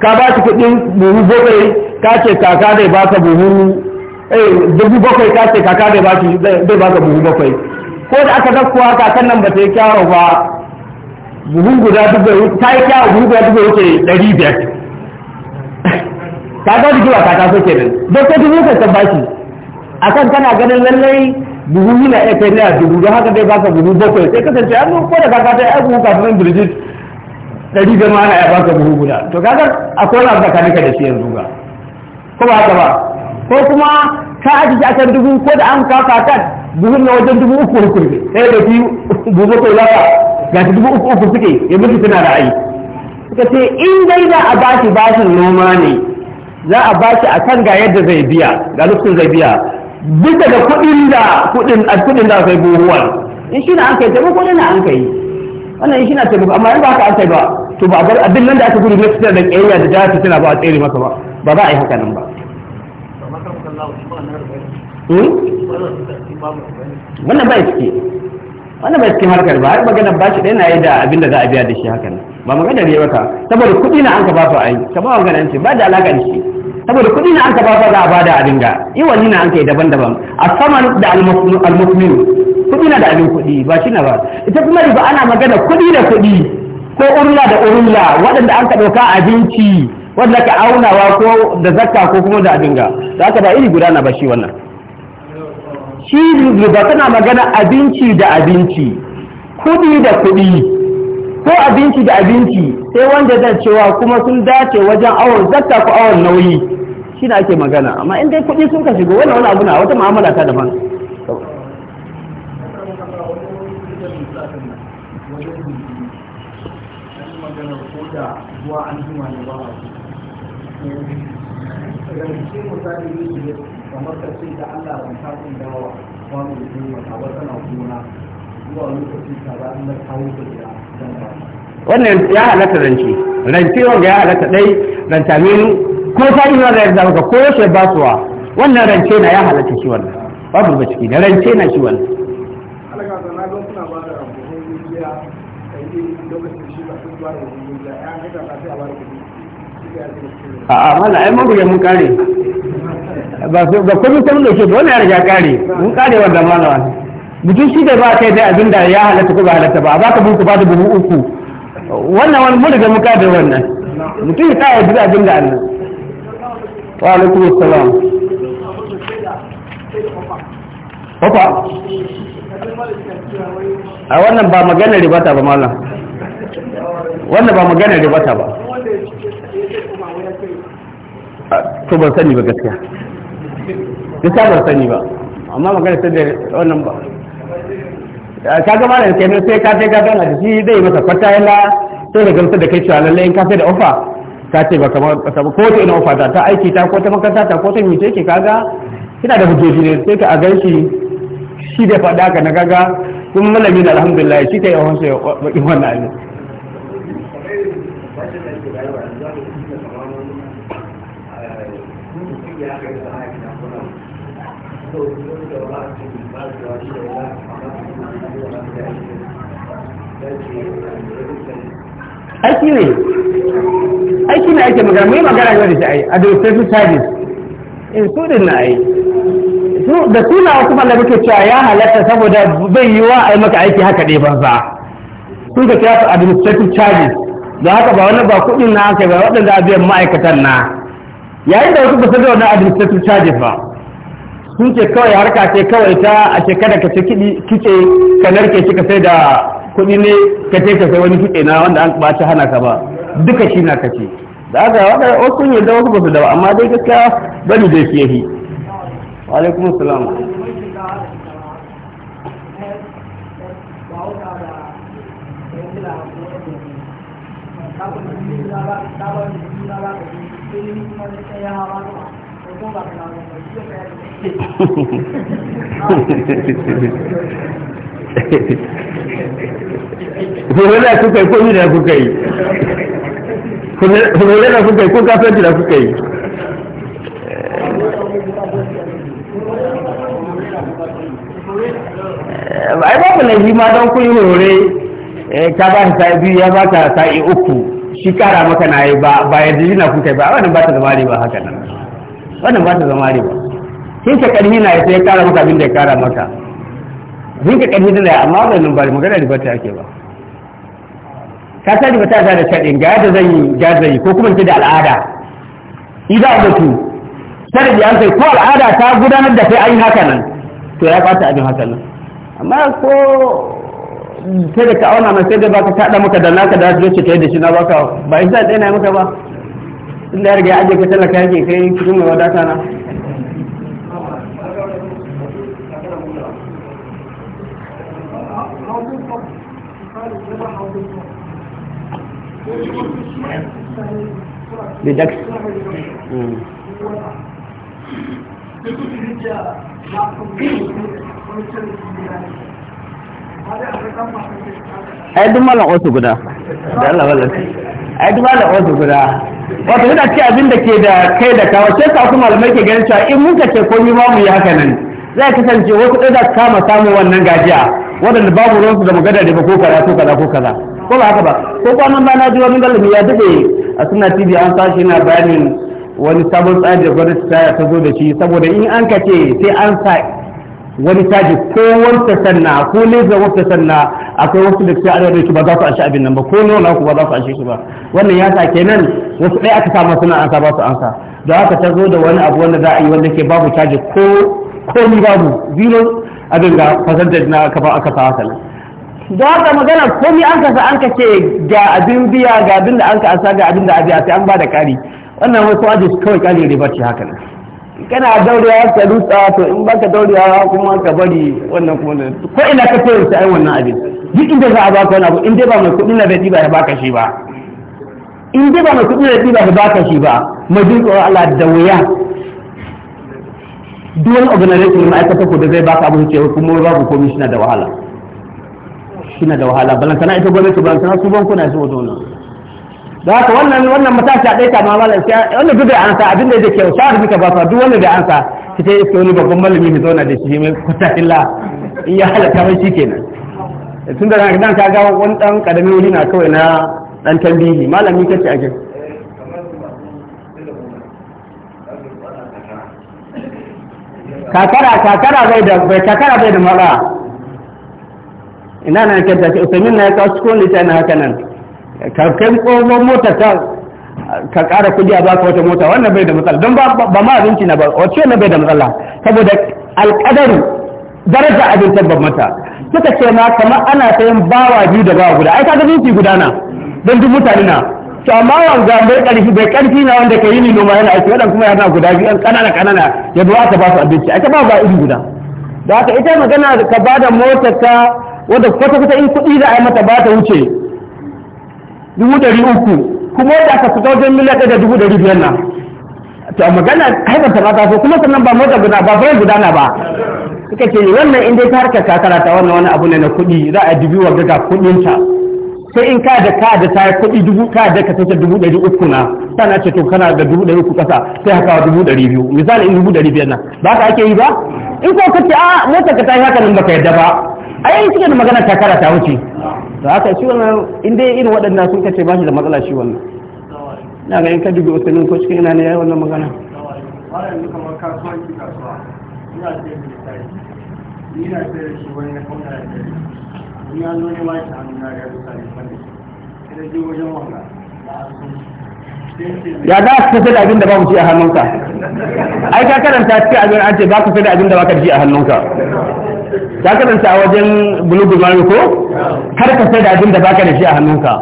ka ba shi kuɗin buhu bakwai ka ce kaka zai baka buhu eh dubu bakwai ka ce kaka zai ka buhu bakwai ko da aka zakkuwa kakan nan ba ta yi kyawo ba buhun guda duk da ta yi kyawu buhun guda duk da wuce ɗari biyar ta ga rigima ta ke nan don ta dubu ka ba a kan kana ganin lallai buhu yi na kai naira dubu don haka dai baka buhu bakwai sai kasance an ko da kaka ta yi buhu kafin nan birjit ɗari biyar ma ana iya baka buhu guda to kaga akwai wani abu ka da shi yanzu ba ko ba haka ba ko kuma ka ajiye kan dubu ko da an kafa kan buhun na wajen dubu uku uku ne sai da biyu buhun bakwai za ga shi dubu uku uku suke yanzu su suna ra'ayi suka ce in dai za a ba shi bashin noma ne za a ba shi a kan ga yadda zai biya ga lokacin zai biya duka da kuɗin da kuɗin a kuɗin da zai buhuwar, in shi na an kai taimako ne na an kai wannan in shi na taimako amma in ba ka an kai ba to ba a bar abin nan da aka gudu na fitar da ƙiyayya da jihar fitina ba a tsere masa ba ba za a yi haka nan ba. Hmm? wannan bai ciki wannan bai cikin harkar ba har magana bashi ɗaya na yi da abin da za a biya da shi hakan ba magana ne baka saboda kuɗi na an ka ba su a yi kamar ce ba da alaƙa da shi saboda kuɗi na an ka ba su za a bada a dinga wani na an kai daban-daban a saman da almusmin kuɗi na da abin kuɗi ba shi na ba ita kuma riba ana magana kuɗi da kuɗi ko urla da urulla waɗanda an ka ɗauka abinci wanda ka aunawa ko da zakka ko kuma da abin ga za ka ba iri guda na ba shi wannan shi riba tana magana abinci da abinci kuɗi da kuɗi ko abinci da abinci sai wanda zan cewa kuma sun dace wajen awon zakka ko awon nauyi shi na ake magana amma in dai kuɗi sun ka shigo wani wani abu na wata mu'amala ta daban kwano da kuma wata zuwa ta za a kawo wannan ya halatta rance rance wanda ya halatta dai ranta minu ko ta yi wanda ya zama ko shi ba suwa wannan rance na ya halatta shi wannan babu ba ciki da rance na shi wannan a'a mana ai mun mun kare ba su komai sai mun dauke da wannan ya riga kare mun kare wannan malama mutum shi da ba kai dai abin da ya halatta ko ba halatta ba ba ka buku ba da buku uku wannan wani mun riga muka da wannan mutum ya tsaya duk abin da Allah wa alaikum assalam Opa. A wannan ba magana ribata ba malam. Wannan ba magana ribata ba. To ban sani ba gaskiya. duk ta ban sani ba amma magana ta da wannan ba ka ga malam kenan sai ka sai ka gana da shi zai masa kwata yana sai da gamsar da kai cewa lallai in ka sai da ofa ka ce ba kamar ba ko ta ina ofa ta ta aiki ta ko ta makaranta ta ko ta mi ke kaga kina da hujjoji ne sai ka a gan shi da faɗa ka na kaga kun malami da alhamdulillah shi ta yawan sai bakin wannan abin aiki ne aiki ne ake magana mai magana yau da shi ai administrative service in eh, su din na ai da suna wasu malamai ke cewa ya halatta saboda bai yi wa a yi maka aiki haka ne banza sun ka kira su administrative charges da haka ba wani ba kudin na haka ba waɗanda abiyan ma'aikatan na yayin da wasu ba su da wani administrative charges ba sun ce kawai harka ce kawai ta a ce kada ka ce kike ka narke shi ka sai da kuɗi ne ka ce ka sai wani kike na wanda an ba ci hana ka ba duka shi na kace da haka wanda wasu ne da wasu basu da da amma dai gaskiya bari da shi yahi wa alaikum hulula kuka yi ko yi da kuka yi hulula da kuka yi ko kafin da kuka yi ai babu laifi ma don kun yi horore ka eh, ba shi sa'i biyu ya ba ka sa'i uku shi kara maka na yi ba ba ya yi na kuka yi ba wannan ba ta zama ba haka nan wannan ba ta zama ba. sun ka karni na sai ya kara maka abin da ya kara maka sun ka karni da amma wannan ba magana riba ta ake ba ka sa riba ta ta da shaɗin ga yadda zan yi ga ko kuma ce da al'ada idan mutu sarari an sai ko al'ada ta gudanar da sai an yi haka nan to ya ɓata abin haka nan amma ko sai da ka auna mai sai da baka kaɗa maka da naka da zuwa ce ta yi da shi na baka ba isa ɗaya na maka ba da ya riga ya ajiye ka talaka yake kai cikin mai wadata na بدك ai duk malam wasu guda da Allah wallan ai duk malam wasu guda wato yana ce abin da ke da kai da kawo sai sa kuma malamai ke ganin cewa in muka ce komai ba mu yi haka nan zai kasance wasu ɗaya za su kama samun wannan gajiya waɗanda babu ruwansu da magana da ba ko kaza ko kaza ko kaza ko ba haka ba ko kwanan ba na ji wani galibi ya dade a suna tv an sashi na bayanin wani sabon tsari da gwamnati ta zo da shi saboda in an kace sai an sa wani taji ko wanda sanna ko leza wanda sanna akwai wasu da suke arewa da ba za su ashe abin nan ba ko wala ku ba za su ashe shi ba wannan ya sa kenan wasu ɗaya aka samu suna ansa ba su ansa da haka ta zo da wani abu wanda za a yi wanda ke babu taji ko ko ni babu zero abin ga fasantar na ka ba aka sa da haka magana komi an kasa an kace ga abin biya ga abin da an kasa ga abin da biya sai an ba da kari wannan wasu ajis kawai kari ne ce haka ne. kana daurewa ka rutsa to in baka daurewa kuma ka bari wannan kuma ko ina ka fayar sai ai wannan abin duk inda za a baka wani abu in dai ba mai kuɗi na bai ba ya baka shi ba in dai ba mai kuɗi na ba ya baka shi ba majin tsoron Allah da wuya duk wani organization ma'aikata ko da zai baka abin cewa kuma babu komishina da wahala shi da wahala balantana ita gwamnati balantana su bankuna su wato nan da haka wannan wannan matashi a ɗaya ma malam sai wannan duk da an sa abin da yake kyau shawar bika ba fa duk wannan da an sa ki sai iske wani babban malami ne zauna da shi mai kuta illa in ya halaka mai shi kenan tun da na dan ka ga wani dan kadami wuri na kawai na dan tambihi malami kace ake kakara kakara bai da kakara bai da mara ina na ta ce usaimin na ya kawo cikin wani na haka nan kai tsohon mota ta ka ƙara kudi a baka wata mota wannan bai da matsala don ba ma abinci na ba wacce na bai da matsala saboda alƙadar daraja abincin ban mata suka ce ma kamar ana yin bawa biyu da bawa guda ai kaga zuci guda na don duk mutane na to amma wanga bai karfi bai karfi na wanda ka yi ni noma yana aiki wadan kuma yana guda biyu kanana kanana ya ba ka ba su abinci ai ka ba ba iri guda da haka ita magana ka ba da motar ka wadda kwata kwata in kuɗi za a yi mata ba ta wuce dubu ɗari uku kuma wadda aka fita wajen miliyan ɗaya da dubu ɗari biyar na to a magana haifar ta mata so kuma sannan ba mota guda ba fara gudana ba suka ce wannan in dai ta harkar kakara ta wannan wani abu ne na kuɗi za a dubi wa gaga kuɗinta sai in ka da ka da ta kuɗi dubu ka da ka tace dubu ɗari uku na sana ce to kana da dubu ɗari uku ƙasa sai haka wa dubu ɗari biyu misali in dubu ɗari biyar na ba ka ake yi ba in ko ka ce a mota ka ta yi haka nan ba ka yadda ba ai suke da magana takara ta wuce to haka shi wannan inda dai irin waɗanda sun kace ba shi da matsala shi wannan na ga yin ka biyu sanin ko cikin ina ne yi wannan magana na hannu na ya wajen ya za ka kusa da abin da ba ku ci a hannunka ai ka karanta cikin abin an ce ba ku kusa da abin da ba ka ji a hannunka ta karanta a wajen bulugul mami ko har ka sai da abin da baka da shi a hannunka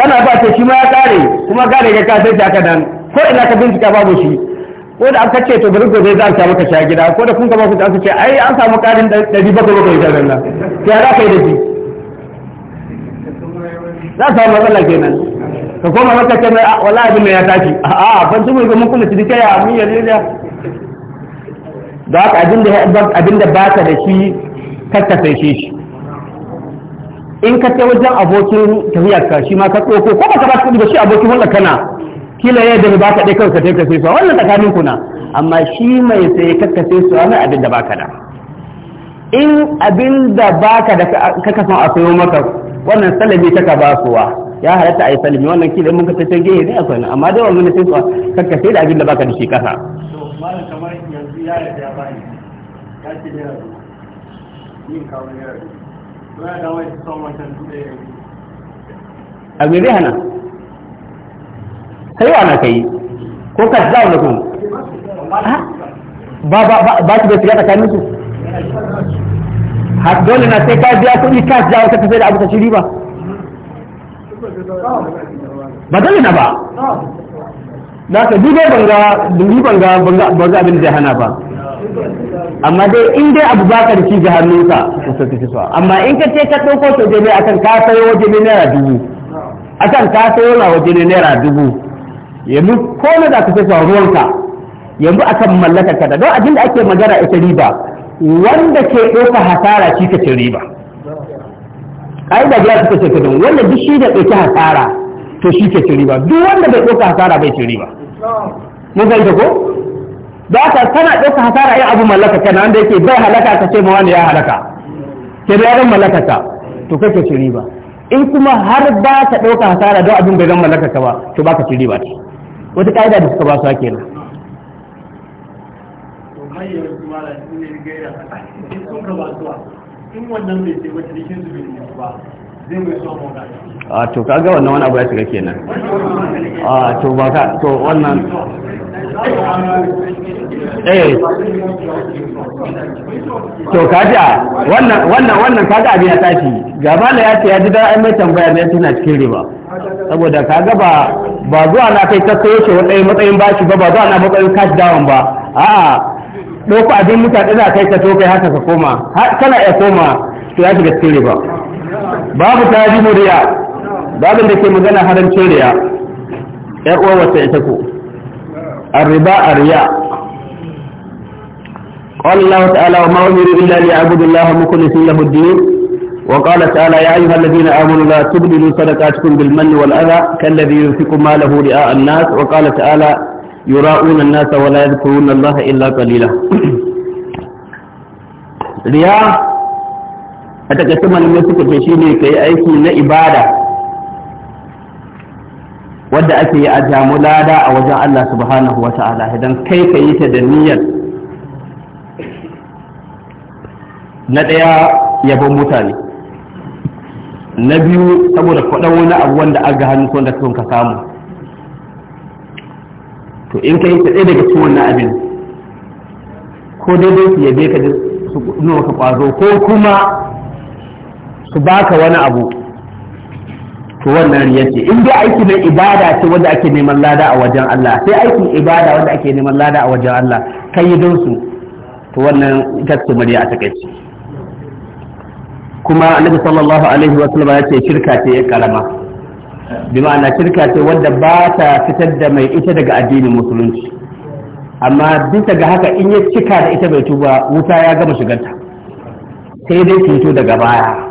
kana ba ta shi ma ya kare kuma kare ga ka ta ka dan ko ina ka bincika babu shi ko da aka ce to bari gobe za maka samu ka sha gida ko da kun ka ba ku aka ce ai an samu karin 700 ko da nan to ya kai ka yi da shi za a samu matsala kenan ka koma maka ce mai ah, wallahi abin da ya tashi a ban tumu ga mun kuma cinikaya mun yarda da haka abin da ba ka da shi kar shi in ka ce wajen abokin tafiya ka shi ma ka tsoko ko baka ba kuɗi ba shi abokin wanda kana kila ya da ba ka dai kanka sai ka sai su wannan tsakanin ku na amma shi mai sai kakka sai su wannan abin da baka da in abin da baka da ka son a sayo maka wannan salami kaka ba suwa ya halatta a yi salami wannan kila mun kasa sai can gehe ne a sayo amma dai wannan sai su kakka sai da abin da baka da shi kasa kamar yanzu ya yarda ya ce da a zai hana sai wa na kai ko ka za a kun ba ba ba ki da shiga dole na sai ka biya kuɗi ka za ka tafi da abu ta shiri ba ba dole na ba da ka dubai banga banga banga abin da hana ba amma dai in dai abu baka da shi ga hannunka to sai kake so amma in ka ce ka dauko to je ne akan ka sayo waje ne naira dubu akan ka sayo na waje ne naira dubu yanzu ko na da ka sayo ruwanka yanzu akan mallaka ka da don abin da ake magana ita riba wanda ke dauka hasara shi ka ce riba kai da ya suka ce kudin wanda duk shi da dauki hasara to shi ke ci riba duk wanda bai dauka hasara bai ci riba mun ga ko da tana tana ɗauka hasara yin abu mallaka kana wanda yake bai halaka ka ce ma wani ya halaka ke da yaran mallaka ka to kake ci riba in kuma har ba ka ɗauka hasara don abin bai zan mallaka ka ba to ba ka ci riba ce wata ƙa'ida da suka ba su ake nan. a ah, to kaga wannan wani abu ya shiga kenan a ah, to ba ka to wannan eh to kaja wannan wannan wannan kaga abin ya tashi gaba da ya ce ya ji da an mai tambaya ne tana cikin riba saboda kaga ba ba zuwa na kai ta koyo shi wadai matsayin bashi ba ba zuwa na matsayin cash down ba a'a ɗauko abin mutane da kai ka to kai haka ka koma kana ya koma to ya shiga cikin riba babu tajimuriya babin da ke magana harancin riya ya uwa wata ita arriba arriya قال الله تعالى وما أمر إلا ليعبدوا الله مخلصين له الدين وقال تعالى يا أيها الذين آمنوا لا تبدلوا صدقاتكم بالمن والأذى كالذي ينفق ماله رئاء الناس وقال تعالى يراؤون الناس ولا يذكرون الله إلا قليلا رياء a أن malamai suka كي shi ne ka wadda ake yi a jamu lada a wajen Allah subhanahu wa ta'ala idan kai ka yi ta da niyyar na ɗaya yabon mutane na biyu saboda kwaɗan wani abu wanda aga hannu ko da ka samu to in ka yi ta ɗaya daga cikin wannan abin ko daidai su yabe ka su nuna ka ƙwazo ko kuma su baka wani abu to wannan riya ce in dai aiki na ibada ce wanda ake neman lada a wajen Allah sai aikin ibada wanda ake neman lada a wajen Allah kai don su to wannan ita ce murya a takaice kuma annabi sallallahu alaihi wa sallam ya ce shirka ce ya karama bi ma'ana shirka ce wanda ba ta fitar da mai ita daga addinin musulunci amma bisa ga haka in ya cika da ita bai tuba wuta ya gama shigarta sai dai fito daga baya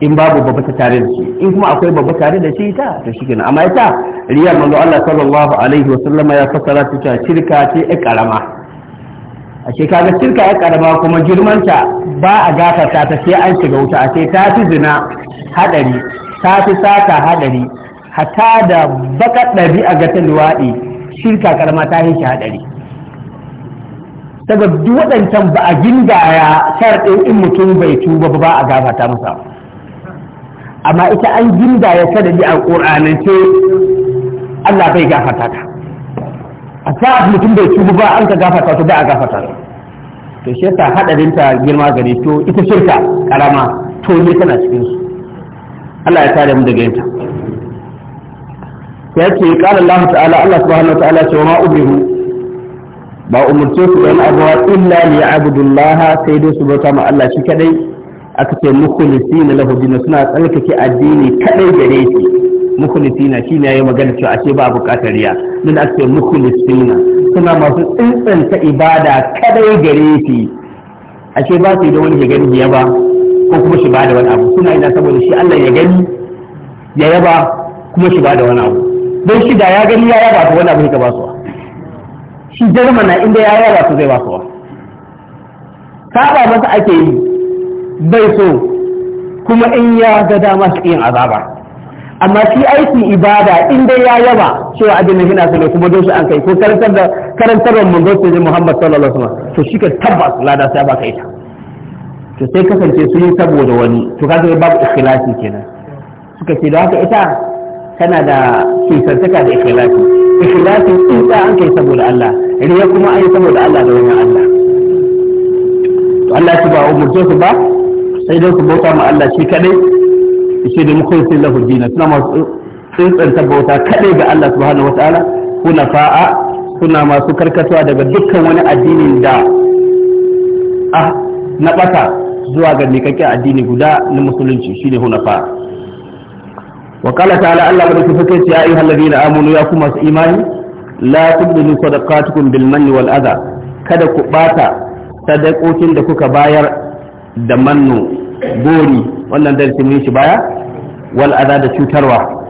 in babu babba ta tare da shi in kuma akwai babba tare da shi ta to shi kenan amma ita riya manzo Allah sallallahu alaihi wasallama ya fassara ta cewa shirka ce ai karama a ce kaga shirka ai karama kuma girmanta ba a gafarta ta sai an shiga wuta a ce ta fi zina hadari ta fi sata hadari hatta da baka dabi ga ta luwaɗi shirka karama ta yi hadari saboda duk waɗancan ba a gindaya sharɗin in mutum bai tuba ba a gafarta masa amma ita an ginda ya sanadi a ƙur'anance Allah bai gafata ta a sa'ad mutum bai tubu ba an ka gafata su da a gafata su to shi yasa hadarin ta girma gare to ita shirka karama to ne tana cikin su Allah ya tare mu daga yanta sai yake qala Allah ta'ala Allah subhanahu wa ta'ala wa ma ubihu ba umurce su da abuwa illa li abdullaha sai dai su bauta ma Allah shi kadai aka ce mukhlisina lahu din suna tsarkake addini kadai gare shi mukhlisina shine yayi magana cewa ashe ba bukatar riya nan aka ce mukhlisina suna masu tsintsanta ibada kadai gare shi ashe ba su yi da wani ya gani ya ba ko kuma shi ba da wani abu suna yana saboda shi Allah ya gani ya yaba kuma shi ba da wani abu don shi da ya gani ya yaba to wani abu ya ba su shi jarma na inda ya yaba su zai ba su wa? saba masa ake yi bai so kuma in ya ga dama su yin azaba amma shi aiki ibada in dai ya yaba cewa abin da yana sune kuma don an kai ko karantar da karantarwar manzon sai Muhammad sallallahu alaihi wasallam to shi ka tabbas lada sai baka ita to sai kasance su yi saboda wani to ka ga babu ikhlasi kenan suka ce da haka ita tana da kisantaka da ikhlasi ikhlasi in da an kai saboda Allah riya kuma an yi saboda Allah da wani Allah to Allah shi ba umurce su ba sai dai su bauta ma Allah shi kadai shi da muku sai lahu dina suna masu tsantsanta bauta kadai ga Allah subhanahu wataala kuna fa'a suna masu karkatuwa daga dukkan wani addinin da ah na bata zuwa ga mikakken addini guda na musulunci shine hunafa wa qala ta'ala Allah ba ku fike ya ayyuhal ladina amanu ya kuma su imani la tubdilu sadaqatukum bil manni wal adha kada ku bata sadakokin da kuka bayar da manno gori wannan darasi mun shi baya wal adha da cutarwa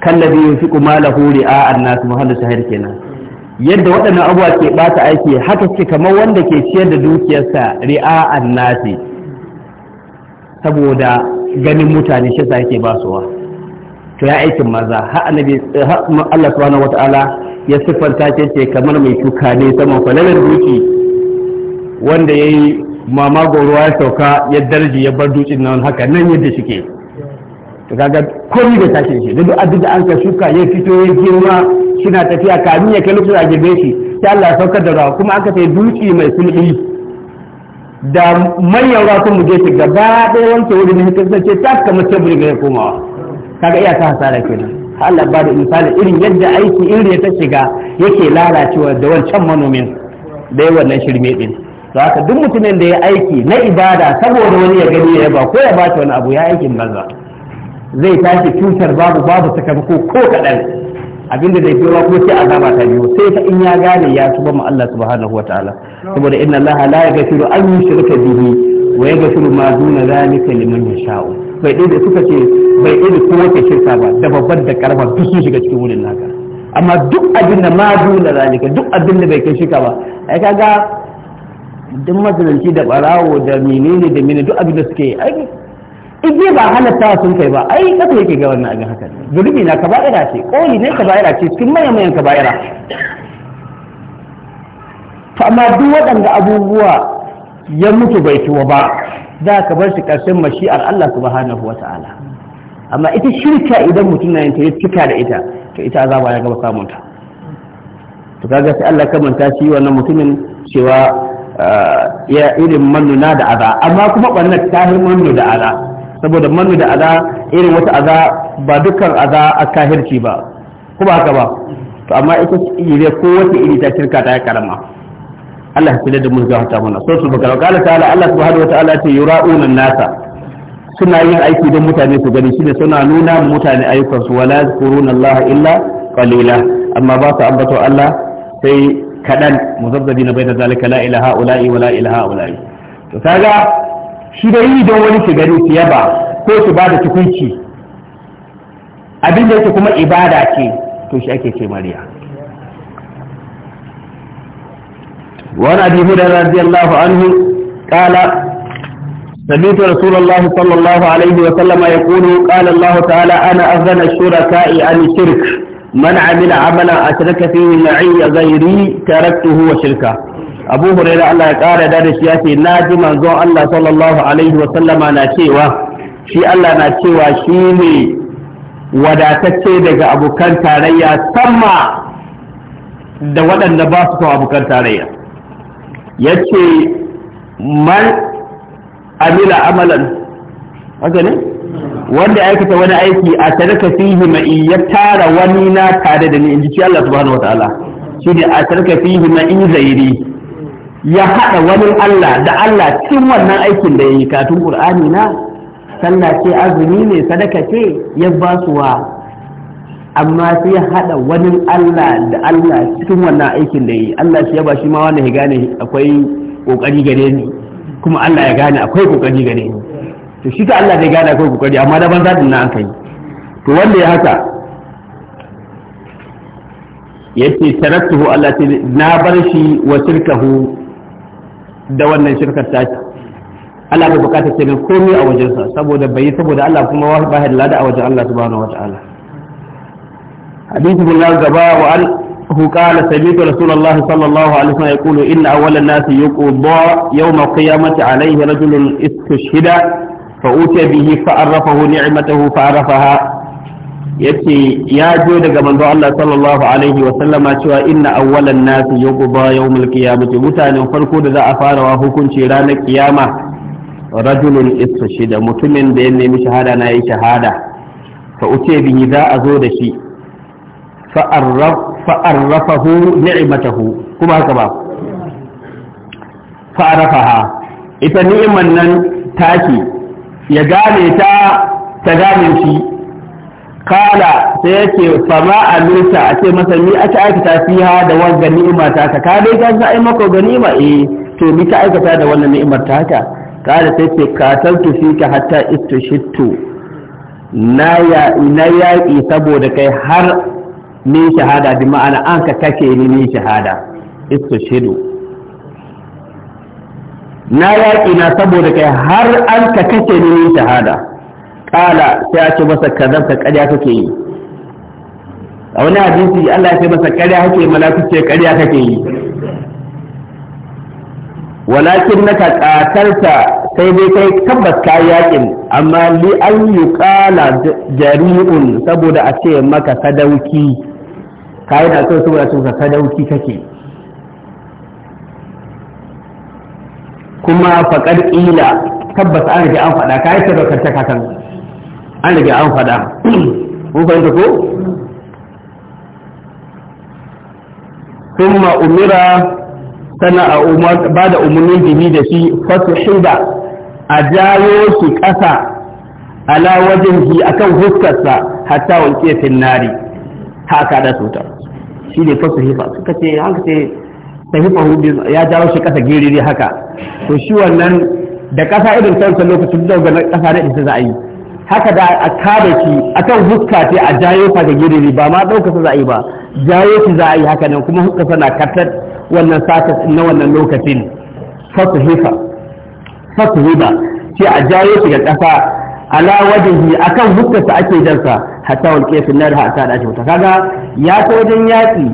kallabi yunfiqu malahu ri'a an-nas muhallu sahir kenan yadda waɗannan abuwa ke bata aiki haka ce kamar wanda ke ciyar da dukiyarsa ri'a an saboda ganin mutane shi sa yake basuwa to ya aikin maza har annabi Allah subhanahu wataala ya siffanta ce kamar mai tuka ne saman falalar duki wanda yayi mama goruwa ya sauka ya darji ya bar dutsen nan haka nan yadda suke to kaga komai da tashin shi duk abin da an ka shuka ya fito ya girma suna tafiya kamin ya kai lokacin a girbe shi sai Allah ya saukar da ruwa kuma aka sai dutse mai sulhi da manyan rakun sun muje shi gaba ɗaya wanke wurin da suka sace ta kamar teburi ga ya komawa kaga iya ta hasara kenan Allah ba da misali irin yadda aiki irin ya ta shiga yake lalacewa da wancan manomin da yawan nan shirme din to haka duk mutumin da ya aiki na ibada saboda wani ya gani ya yaba ko ya ba wani abu ya aikin banza zai tashi cutar babu babu sakamako ko kaɗan abinda zai biyo ko sai azaba ta biyo sai ta in ya gane ya tuba ma Allah subhanahu taala saboda inna Allah la yaghfiru an yushrika bihi wa yaghfiru ma duna zalika liman yasha'u bai dai suka ce bai dai ko wace shirka ba da babbar da karfa duk sun shiga cikin wurin naka amma duk abin da ma duna zalika duk abin da bai kai shirka ba ai kaga duk matsalanci da barawo da menene da menene duk abin da suke yi ai in ba halatta sun kai ba ai kasa yake ga wannan abin haka zulubi na kaba'ira ce koli ne kaba'ira ce cikin manyan manyan kaba'ira to amma duk waɗanda abubuwa ya mutu bai tuwa ba za ka bar shi ƙarshen mashi'ar Allah subhanahu wa ta'ala amma ita shirka idan mutum na yin ta ya cika da ita to ita azaba ya gaba samunta to kaga sai Allah kamanta shi wannan mutumin cewa ya irin na da aza amma kuma ɓannar tahir manu da aza saboda manu da aza irin wata aza ba dukkan aza a kahirci ba ko ba haka ba to amma ita ire ko wata iri ta shirka ta ya karama Allah ya da mun gafata mana so su bakara kala ta'ala Allah subhanahu wata'ala ce yura'una nasa suna yin aiki don mutane su gani shine suna nuna mutane ayyukansu wala yazkuruna Allah illa qalila amma ba su ambato Allah sai kaɗan muzabzabi na da zalika la ilaha ula'i wa la ilaha ula'i to kaga shi da yi don wani shi gari su yaba ko su bada tukunci abin da yake kuma ibada ce to shi ake ce mariya وعن أبي هريرة رضي الله عنه قال سمعت رسول الله صلى الله عليه وسلم يقول قال الله تعالى أنا أغنى الشركاء عن الشرك man amila amala ashraka fihi ma'i ghairi taraktuhu wa shirka abu hurairah Allah ya kara da da shi ya ce naji manzon Allah sallallahu alaihi wa sallama na cewa shi Allah na cewa shi ne wadatacce daga abokan tarayya sama da waɗanda ba su kawo abokan tarayya ya ce man amila amalan haka ne wanda aikata wani aiki a tarka fihi ma'i ya tara wani na tare da ni in ji Allah subhanahu wataala ne a tarka fihi ma'i zairi ya hada wani Allah da Allah cikin wannan aikin da ya yi katun Qur'ani na sallah ce azumi ne sadaka ce ya ba su wa amma sai ya hada wani Allah da Allah cikin wannan aikin da ya yi Allah shi ya ba shi ma wanda ya gane akwai kokari gare ni kuma Allah ya gane akwai kokari gare ni to shi ka Allah zai gane kai kokari amma da banza din nan kai to wanda ya haka yace taraktuhu Allah ta na bar shi wa shirkahu da wannan shirkar ta Allah bai bukata kenan komai a wajensa saboda bai yi saboda Allah kuma wa ba lada a wajen Allah subhanahu wataala hadithu billah gaba wa an هو قال سمعت رسول الله صلى الله عليه وسلم يقول إن أول الناس يقضى يوم القيامة عليه رجل استشهد fa'uce bihi fa'arrafahu ni'matahu fa'arrafaha yace ya jo daga manzo Allah sallallahu alaihi wa sallama cewa inna awwalan nasi yuqba yawmul qiyamati mutanen farko da za a farawa hukunci ranar kiyama rajulun istashida mutumin da ya nemi shahada na yi shahada fa bihi za a zo da shi fa'arrafahu kuma haka ba ita ni'imar nan taki ya gane ta ta gane shi kala sai yake fama a nuta a ce masa ni aka aikata fiha da wani ganima ta ka ka dai gansa ai maka ganima eh to ni ka aikata da wannan ni'imar ta haka kala sai ce kataltu ka hatta istushittu na ya na yaƙi saboda kai har ni shahada bi ma'ana an ka kake ni ni shahada istushidu na yaƙi na saboda kai har an ka kashe ni shahada kala sai a ce masa kazan ka ƙarya kake yi a wani hadisi Allah ya ce masa ƙarya kake malaku ce ƙarya kake yi walakin naka ƙatarta sai dai kai tabbas ka yaƙin amma li an yi ƙala jari'un saboda a ce maka sadauki ka yi na so saboda ce ka sadauki kake kuma faƙar ƙila tabbas an rage an faɗa ka yi ta ta kakan an rage an faɗa *clears throat* mun fahimta ko kuma umira tana a umar ba da umarnin jini da shi fasu shida a jawo shi ƙasa ala wajen shi a kan huskarsa hatta wanke finnari haka da tutar shi ne fasu hifa suka ce hanka hudu ya jawo shi kasa giriri haka to shi wannan da kasa irin tansa lokacin da ga kasa da ita za a yi haka da a kada ki akan huska ce a jayo ka ga giriri ba ma ɗaukasa za a yi ba jayo ki za a yi haka nan kuma huska sana katar wannan sata na wannan lokacin fasu hifa ce a jayo ki ga kasa ala wajihi akan sa ake jansa hatta wani sunar hatta da shi kaga ya ta wajen yaƙi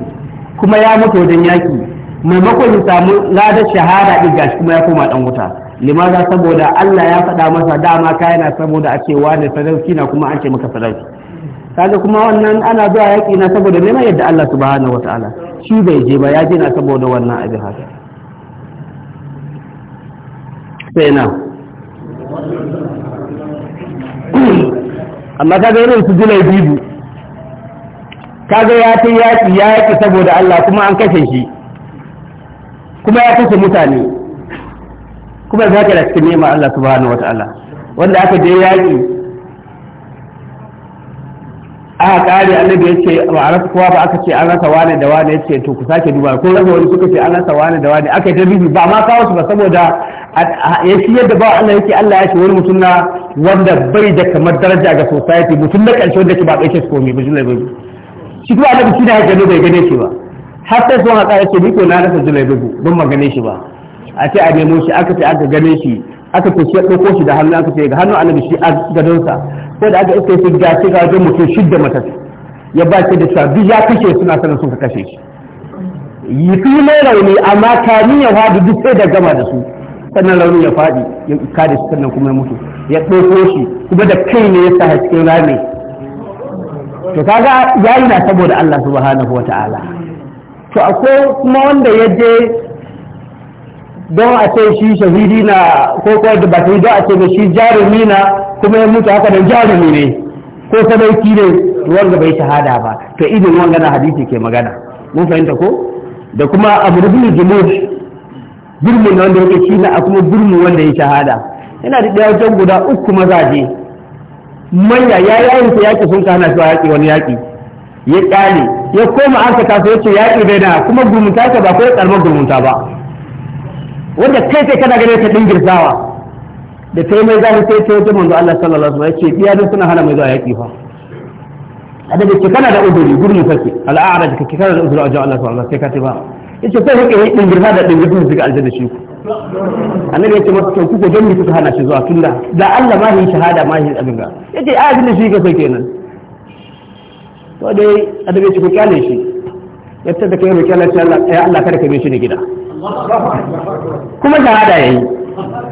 kuma ya mutu wajen yaƙi maimakon ya samu ladar shahada ɗin gashi kuma ya koma ɗan wuta limaza saboda Allah ya faɗa masa dama ka yana saboda a cewa ne sadauki na kuma an ce maka sadauki kaga kuma wannan ana zuwa yaƙi na saboda neman yadda Allah subhanahu wataala shi bai je ba ya je na saboda wannan abin haka sai na *clears throat* amma kaga irin su jilai bibu kaga ya ta yaƙi ya yaƙi saboda Allah kuma an kashe shi kuma ya kashe mutane kuma za ka da cikin nema Allah subhanahu wa ta'ala wanda aka je yaƙi a kare annabi yace ba a rasa kowa ba aka ce an rasa wane da wane ce to ku sake duba ko rasa wani suka ce an rasa wane da wane aka yi rubi ba ma kawo su ba saboda ya shi yadda ba Allah yake Allah ya shi wani mutum na wanda bai da kamar daraja ga society mutum na karshe wanda ke ba kai shi komai ba jin ba shi kuma annabi shi da ya gano bai gane shi ba har ta sun haƙa yake ni na rasa bugu don magane shi ba a ce a nemo shi aka ce aka gane shi aka ce shi ɗauko shi da hannu aka ce ga hannu annabi shi a gadonsa sai da aka iske shi ga shi ga wajen mutum shidda matattu ya ba shi da cewa ya kashe suna sanar sun ka kashe shi yi fi mai rauni amma kamin ya faɗi duk sai da gama da su sannan rauni ya faɗi ya kada shi sannan kuma ya mutu ya ɗauko shi kuma da kai ne ya sa cikin rami to kaga yayi na saboda Allah subhanahu ta'ala. to akwai kuma wanda ya je don a ce shi shahidi na ko ko da ba don a ce da shi jarumi na kuma ya mutu haka da jarumi ne ko sadauki ne wanda bai shahada ba to idin wanga na hadisi ke magana mun fahimta ko da kuma abu da jimo jumush na wanda yake shi na a kuma gurmi wanda ya shahada yana da ɗaya wajen guda uku maza je manya ya yayin su yaƙi sun kana su yaƙi wani yaƙi ya kyale ya koma an ka taso ya ce yaƙi bai kuma gurmunta ta ba ko ya gurmunta ba wanda kai sai kana gane ta dingirzawa da ta yi mai zafi sai ta yi manzo Allah sallallahu alaihi wasallam ya ce biya suna hana mai zuwa yaƙi fa a adabi ke kana da uzuri gurin kake al'ara kake kana da uzuri a jawo Allah sallallahu alaihi wasallam sai ka ce ba yace sai kake yi dingirza da dingirza su ga aljanna shi ku annabi ce masa to kuka don me kuka hana shi zuwa tunda da Allah ma yi shahada ma yi abin ga ya ce a abin da shi ka sai kenan to dai adabi ci ku kyale shi yadda da kai mai kyale shi Allah ya eh, Allah kada ka bi shi ne gida kuma shahada yayi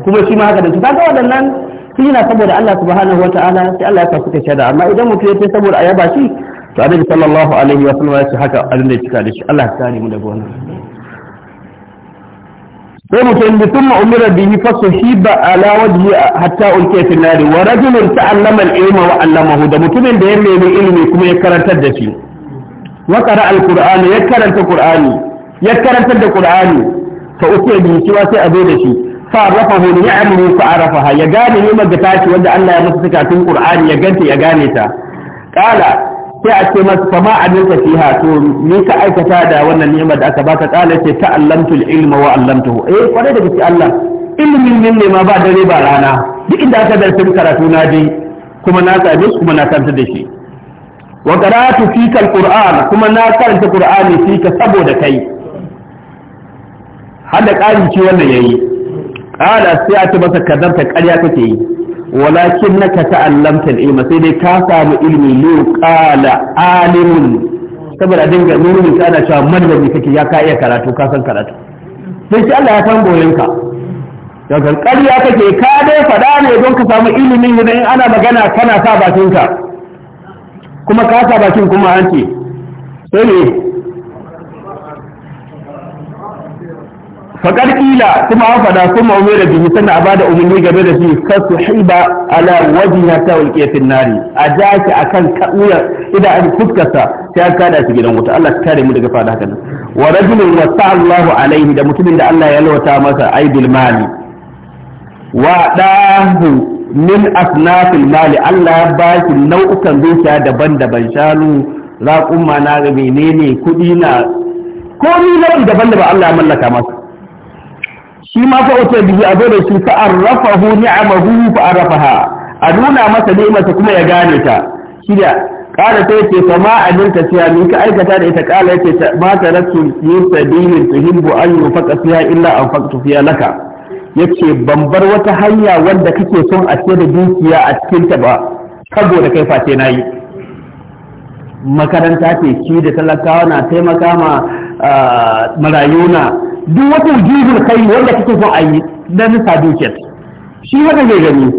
kuma shi ma haka da su kaga wadannan shi na saboda Allah subhanahu wataala sai Allah ya sa suka shaida amma idan mutum ya ce saboda ayaba shi to annabi sallallahu alaihi wa sallam ya ce haka abin da ya cika da shi Allah ya kare mu daga wannan sai mutum bi sun ma'umira bihi fasu shi ba ala a hatta ulke finari, nari wa rajulun ta'allama al-ilma wa da mutumin da ya nemi ilimi kuma ya karantar da shi wa qara al-qur'ani ya karanta qur'ani ya karantar da qur'ani fa uke bi shi wa sai abe da shi fa arafahu ya'lamu fa arafaha ya gane ne magata shi wanda Allah ya masa sakatun qur'ani ya ganta ya gane ta qala sai a ce masa fama amilta fiha to ni ka aikata da wannan ni'imar da aka baka kala ce ta'allamtul ilma wa 'allamtuhu eh kwarai da gaske Allah ilimin min ne ma ba dare ba rana duk inda aka sun karatu na je kuma na same kuma na karanta da shi wa qara'atu fika alquran kuma na karanta qur'ani fika saboda kai hada ƙarin ci wannan yayi qala sai a ce masa kadar ta ƙarya kake yi walakin naka ka ta'allamta ilma sai dai ka samu ilmi liyu qala alimun saboda dinga nunin ka ana cewa madadi kake ya ka iya karatu ka san karatu sai shi Allah ya san goyen ka daga kake ka dai faɗa ne don ka samu ilimin da in ana magana kana sa bakinka ka kuma ka bakin kuma an ce sai ne faƙar ƙila kuma an faɗa sun ma'ume a ba da game da shi ka su a ja a kan kaɗuyar idan an gidan wuta Allah Allahu alaihi da mutumin da Allah ya masa aibil mali wa mali Allah ya mallaka shi ma fa wata bihi a zo da shi arrafa hu ni'amahu fa arrafaha a nuna masa ni'imarsa kuma ya gane ta shida kala ta yake fa ma abinka fiya min ka aikata da ita kala yace ma taraktu fi sabilin tuhibbu an yufaqa fiha illa an faqtu fiya laka yace ban bar wata hanya wanda kake son a ce da dukiya a cikin ta ba saboda kai face nayi makaranta ce shi da talakawa na taimaka ma ah, marayuna duk wata wujibul kai wanda kake so a yi dan nisa dukiyar shi haka zai gani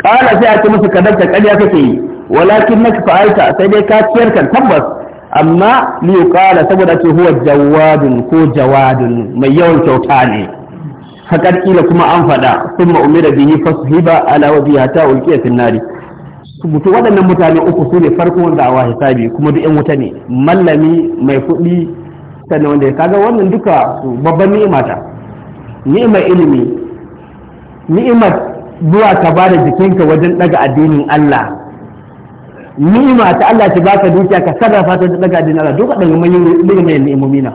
Ƙara sai a ce masa kadar ta kariya kake yi walakin naka fa'alta sai dai ka ciyar kan tabbas amma li yuqala saboda ce huwa jawadun ko jawadun mai yawan kyauta ne hakar kila kuma an faɗa sun ma'umira bihi fasuhiba ala wajiha ta ulqiya fil nari mutu waɗannan mutane uku su ne farko wanda a hisabi kuma duk 'yan wuta ne mallami mai kuɗi sannan wanda ya kaga wannan duka su babban ni'ima ta ni'imar ilimi ni'imar zuwa ka bada jikinka wajen daga addinin Allah ni'ima ta Allah ta baka dukiya ka sarrafa ta daga addinin Allah duka daga manyan manyan ni'imomi na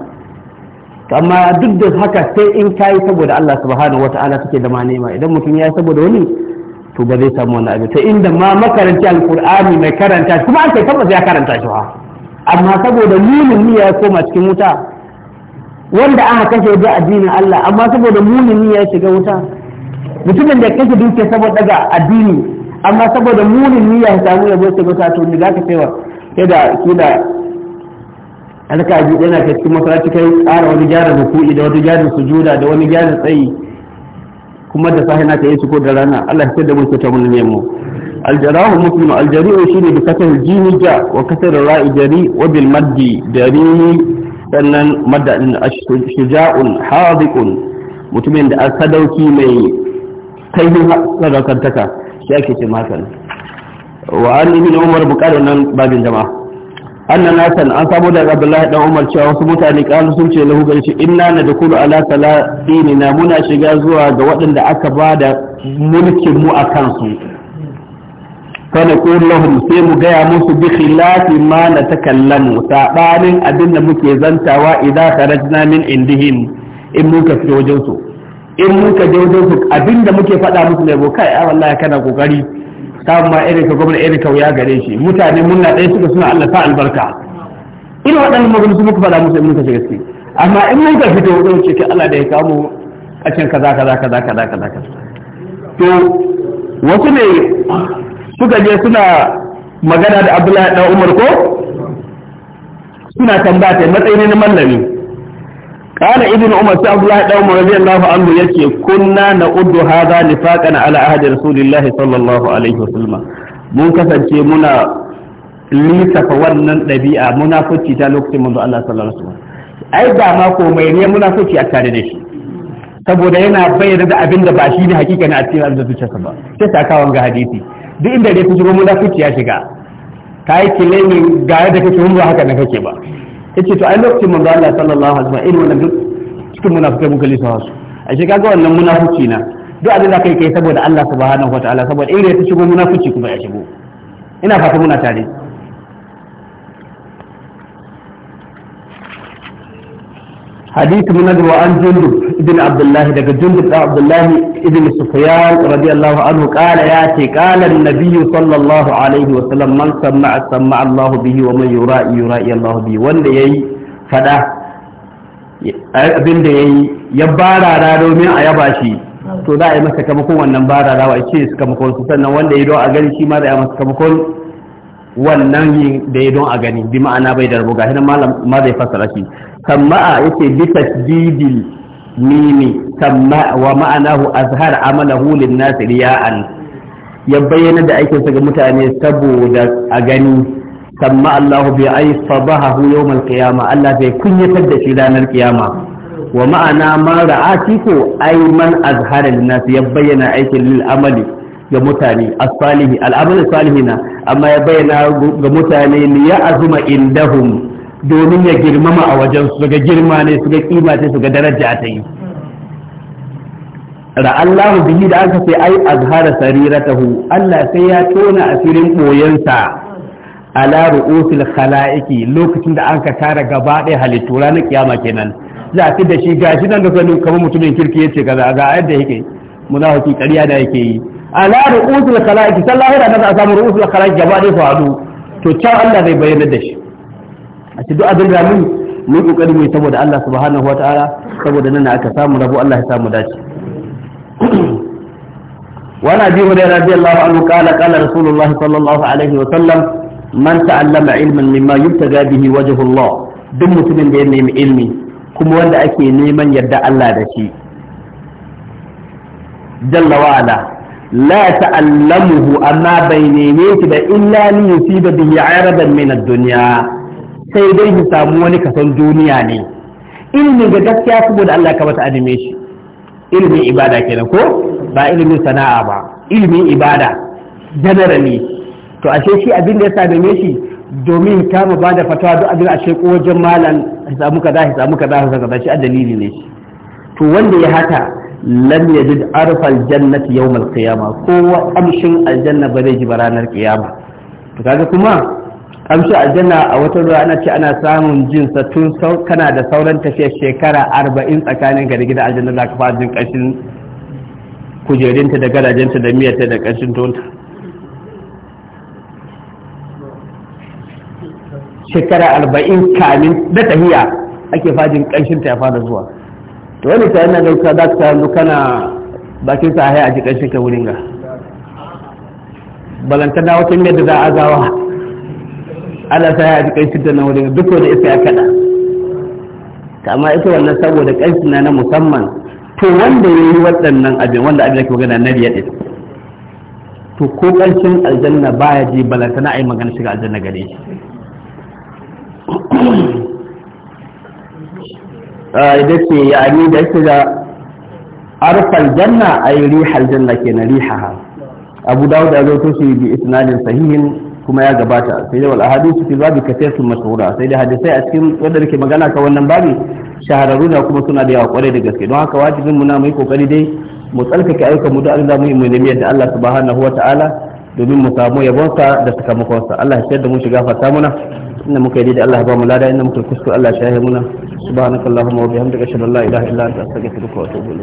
amma duk da haka sai in kayi saboda Allah subhanahu wata'ala suke da ma ni'ima idan mutum ya yi saboda wani to ba zai samu wani abu ta inda ma makaranci alkur'ani mai karanta kuma an kai tabbas ya karanta shi ba amma saboda munin miya ya koma cikin wuta wanda aka kashe da addinin Allah amma saboda munin miya ya shiga wuta mutumin da kake duke saboda daga addini amma saboda munin miya ya samu ya bace wuta to ni zaka cewa da kila alka ji yana ta cikin masallaci kai tsara wani da ruku'i da wani jarin sujuda da wani jarin tsayi kuma da sahina ta yi su ko da rana Allah ya da mu ta mun ne mu aljarahu muslim aljari'u shine bi kasar jini ja wa kasar ra'i jari wa maddi jari sannan madda din shuja'un hadiqun mutumin da sadauki mai kaihin sadaukantaka shi ake ce wa an ibn umar bukari nan babin jama'a anna nasan an samu daga abdullahi dan umar cewa wasu mutane kalu sun ce lahu kulu inna nadkhulu muna shiga zuwa ga waɗanda aka bada mulkin mu a kansu. فنقول لهم سيمو جاء موسو بخلاف ما نتكلم سابان أبن مكي زنتا وإذا خرجنا من عندهم in muka fito wajen su in muka je wajen su abinda muke faɗa musu ne ko kai a wallahi kana kokari samun ma irin ka gwamnati irin ka wuya gare shi mutane muna ɗaya suka suna Allah sa albarka irin waɗannan magana su faɗa musu in muka shiga ciki amma in muka fito wajen ce Allah da ya a can kaza kaza kaza kaza suka je suna magana da abdullahi dan umar ko suna tambaya ta matsayin na mallami kana ibn umar sai abdullahi dan umar radiyallahu anhu yace kunna na'uddu hadha nifaqan ala ahdi rasulillahi sallallahu alaihi wasallam mun kasance muna lissafa wannan ɗabi'a munafuci ta lokacin manzo Allah sallallahu alaihi wasallam ai ba ma komai ne munafuci a tare da shi saboda yana bayyana da abin da ba shi ne hakika na a cikin arzikin zuciyarsa ba sai sakawan ga hadisi duk inda dai kusurwa mun zafi ya shiga kai kilemi ga yadda kake mun ba haka na kake ba yace to ai lokacin manzo Allah sallallahu alaihi wasallam irin wannan duk cikin munafikai muka lisa wasu a shi kaga wannan munafici na duk abin da kai kai saboda Allah subhanahu wataala saboda irin ya shigo munafici kuma ya shigo ina fata muna tare حديث من عن جندب ابن عبد الله دقى جندب عبد الله ابن سفيان رضي الله عنه قال ياتي قال النبي صلى الله عليه وسلم من سمع سمع الله به ومن يرائي يرائي الله به wanda yayi fada abin da yi ya barara domin a yaba shi to za a yi masa kamakon wannan barara wa ce su kamakon su sannan wanda ya don a gani shi ma za a yi masa kamakon wannan da ya don a gani bi ma'ana bai da rubuga ma zai fassara shi kamma'a yake bi tasdidil mimi kamma wa ma'anahu azhar amalahu lin nas riya'an ya bayyana da aikin sa ga mutane saboda a gani kamma Allahu bi ay sabahu yawm al-qiyama Allah bai kunyatar da shi ranar kiyama wa ma'ana ma ra'ati ko ay man azhara lin nas ya bayyana aikin lil amali ga mutane as-salihi al-amal salihina amma ya bayyana ga mutane li ya'zuma indahum domin ya girmama a wajen su ga girma ne su ga kima ce su ga daraja ta yi ra'allahu bihi da aka sai ai azhara sariratahu Allah sai ya tona asirin boyensa ala ru'usil khalaiki lokacin da aka tara gaba ɗaya halittu ranar kiyama kenan za a da shi gashi nan da kwanu kamar mutumin kirki yace kaza ga yadda yake munafiki ƙarya da yake yi ala ru'usil khalaiki sallahu da za a samu ru'usil khalaiki gaba ɗaya su hadu to can Allah zai bayyana da shi a ci duk abin da mun kokari mai saboda Allah subhanahu wataala saboda nan aka samu rabo Allah ya samu dace وعن ابي هريره رضي الله عنه قال قال رسول الله صلى الله عليه وسلم من تعلم علما مما يبتغى به وجه الله duk mutumin da ya nemi ilmi kuma wanda ake neman yarda Allah da shi jalla wa ala la ta'allamuhu amma bai neme shi da illa li yusiba bihi aradan min ad-dunya sai dai su samu wani kasan duniya ne ilimin ga gaskiya saboda Allah ka bata anime shi ilimin ibada kenan ko ba ilimin sana'a ba ilimin ibada generally to ashe shi abin da ya same shi domin kama mu bada fatawa duk abin ashe ko wajen malam hisamu kaza hisamu kaza hisamu kaza shi a dalili ne shi to wanda ya haka lam yajid arfal jannati yawmal qiyamah ko amshin aljanna ba zai ji ranar qiyama to kaga kuma kamshi aljanna a wata ruwa ana ce ana samun jin sa tun kana da sauran tafiyar shekara arba'in tsakanin gari gida aljanna za ka fara jin ƙarshen kujerinta da garajenta da miyarta da ƙarshen tonta shekara arba'in kamin da tahiya ake fajin ƙarshen ta ya fara zuwa to wani ta yana dauka za ka samu kana bakin sa a ji ƙarshen ka wurin ga balantana wata miyar da za a gawa Allah ta ya kai da nan wajen duk wani isa ya kada amma ita wannan saboda kanshi na na musamman to wanda ya yi waɗannan abin wanda abin da ke magana na riya ɗin to ko ƙarshen aljanna ba baya ji balanta na a yi magana shiga aljanna gare shi da *clears throat* ah, ke yani da yake da arfal janna a yi rihal janna ke na riha abu dawo da zo to shi bi isnadin sahihin kuma ya gabata sai da wal su fi babi sun mashhura sai da hadisai a cikin wanda nake magana ka wannan babi shahararru na kuma suna da yawa kwarai da gaske don haka wajibin mu na mu yi kokari dai mu tsarkake ayyukan mu da Allah mu yi mu nemi yadda Allah subhanahu wa ta'ala domin mu samu yabonsa da sakamakonsa Allah ya da mu shiga fata muna inda muka yi da Allah ba mu lada inda muka kuskure Allah ya shahe muna subhanakallahumma wa bihamdika ashhadu an la ilaha illa anta astaghfiruka wa atubu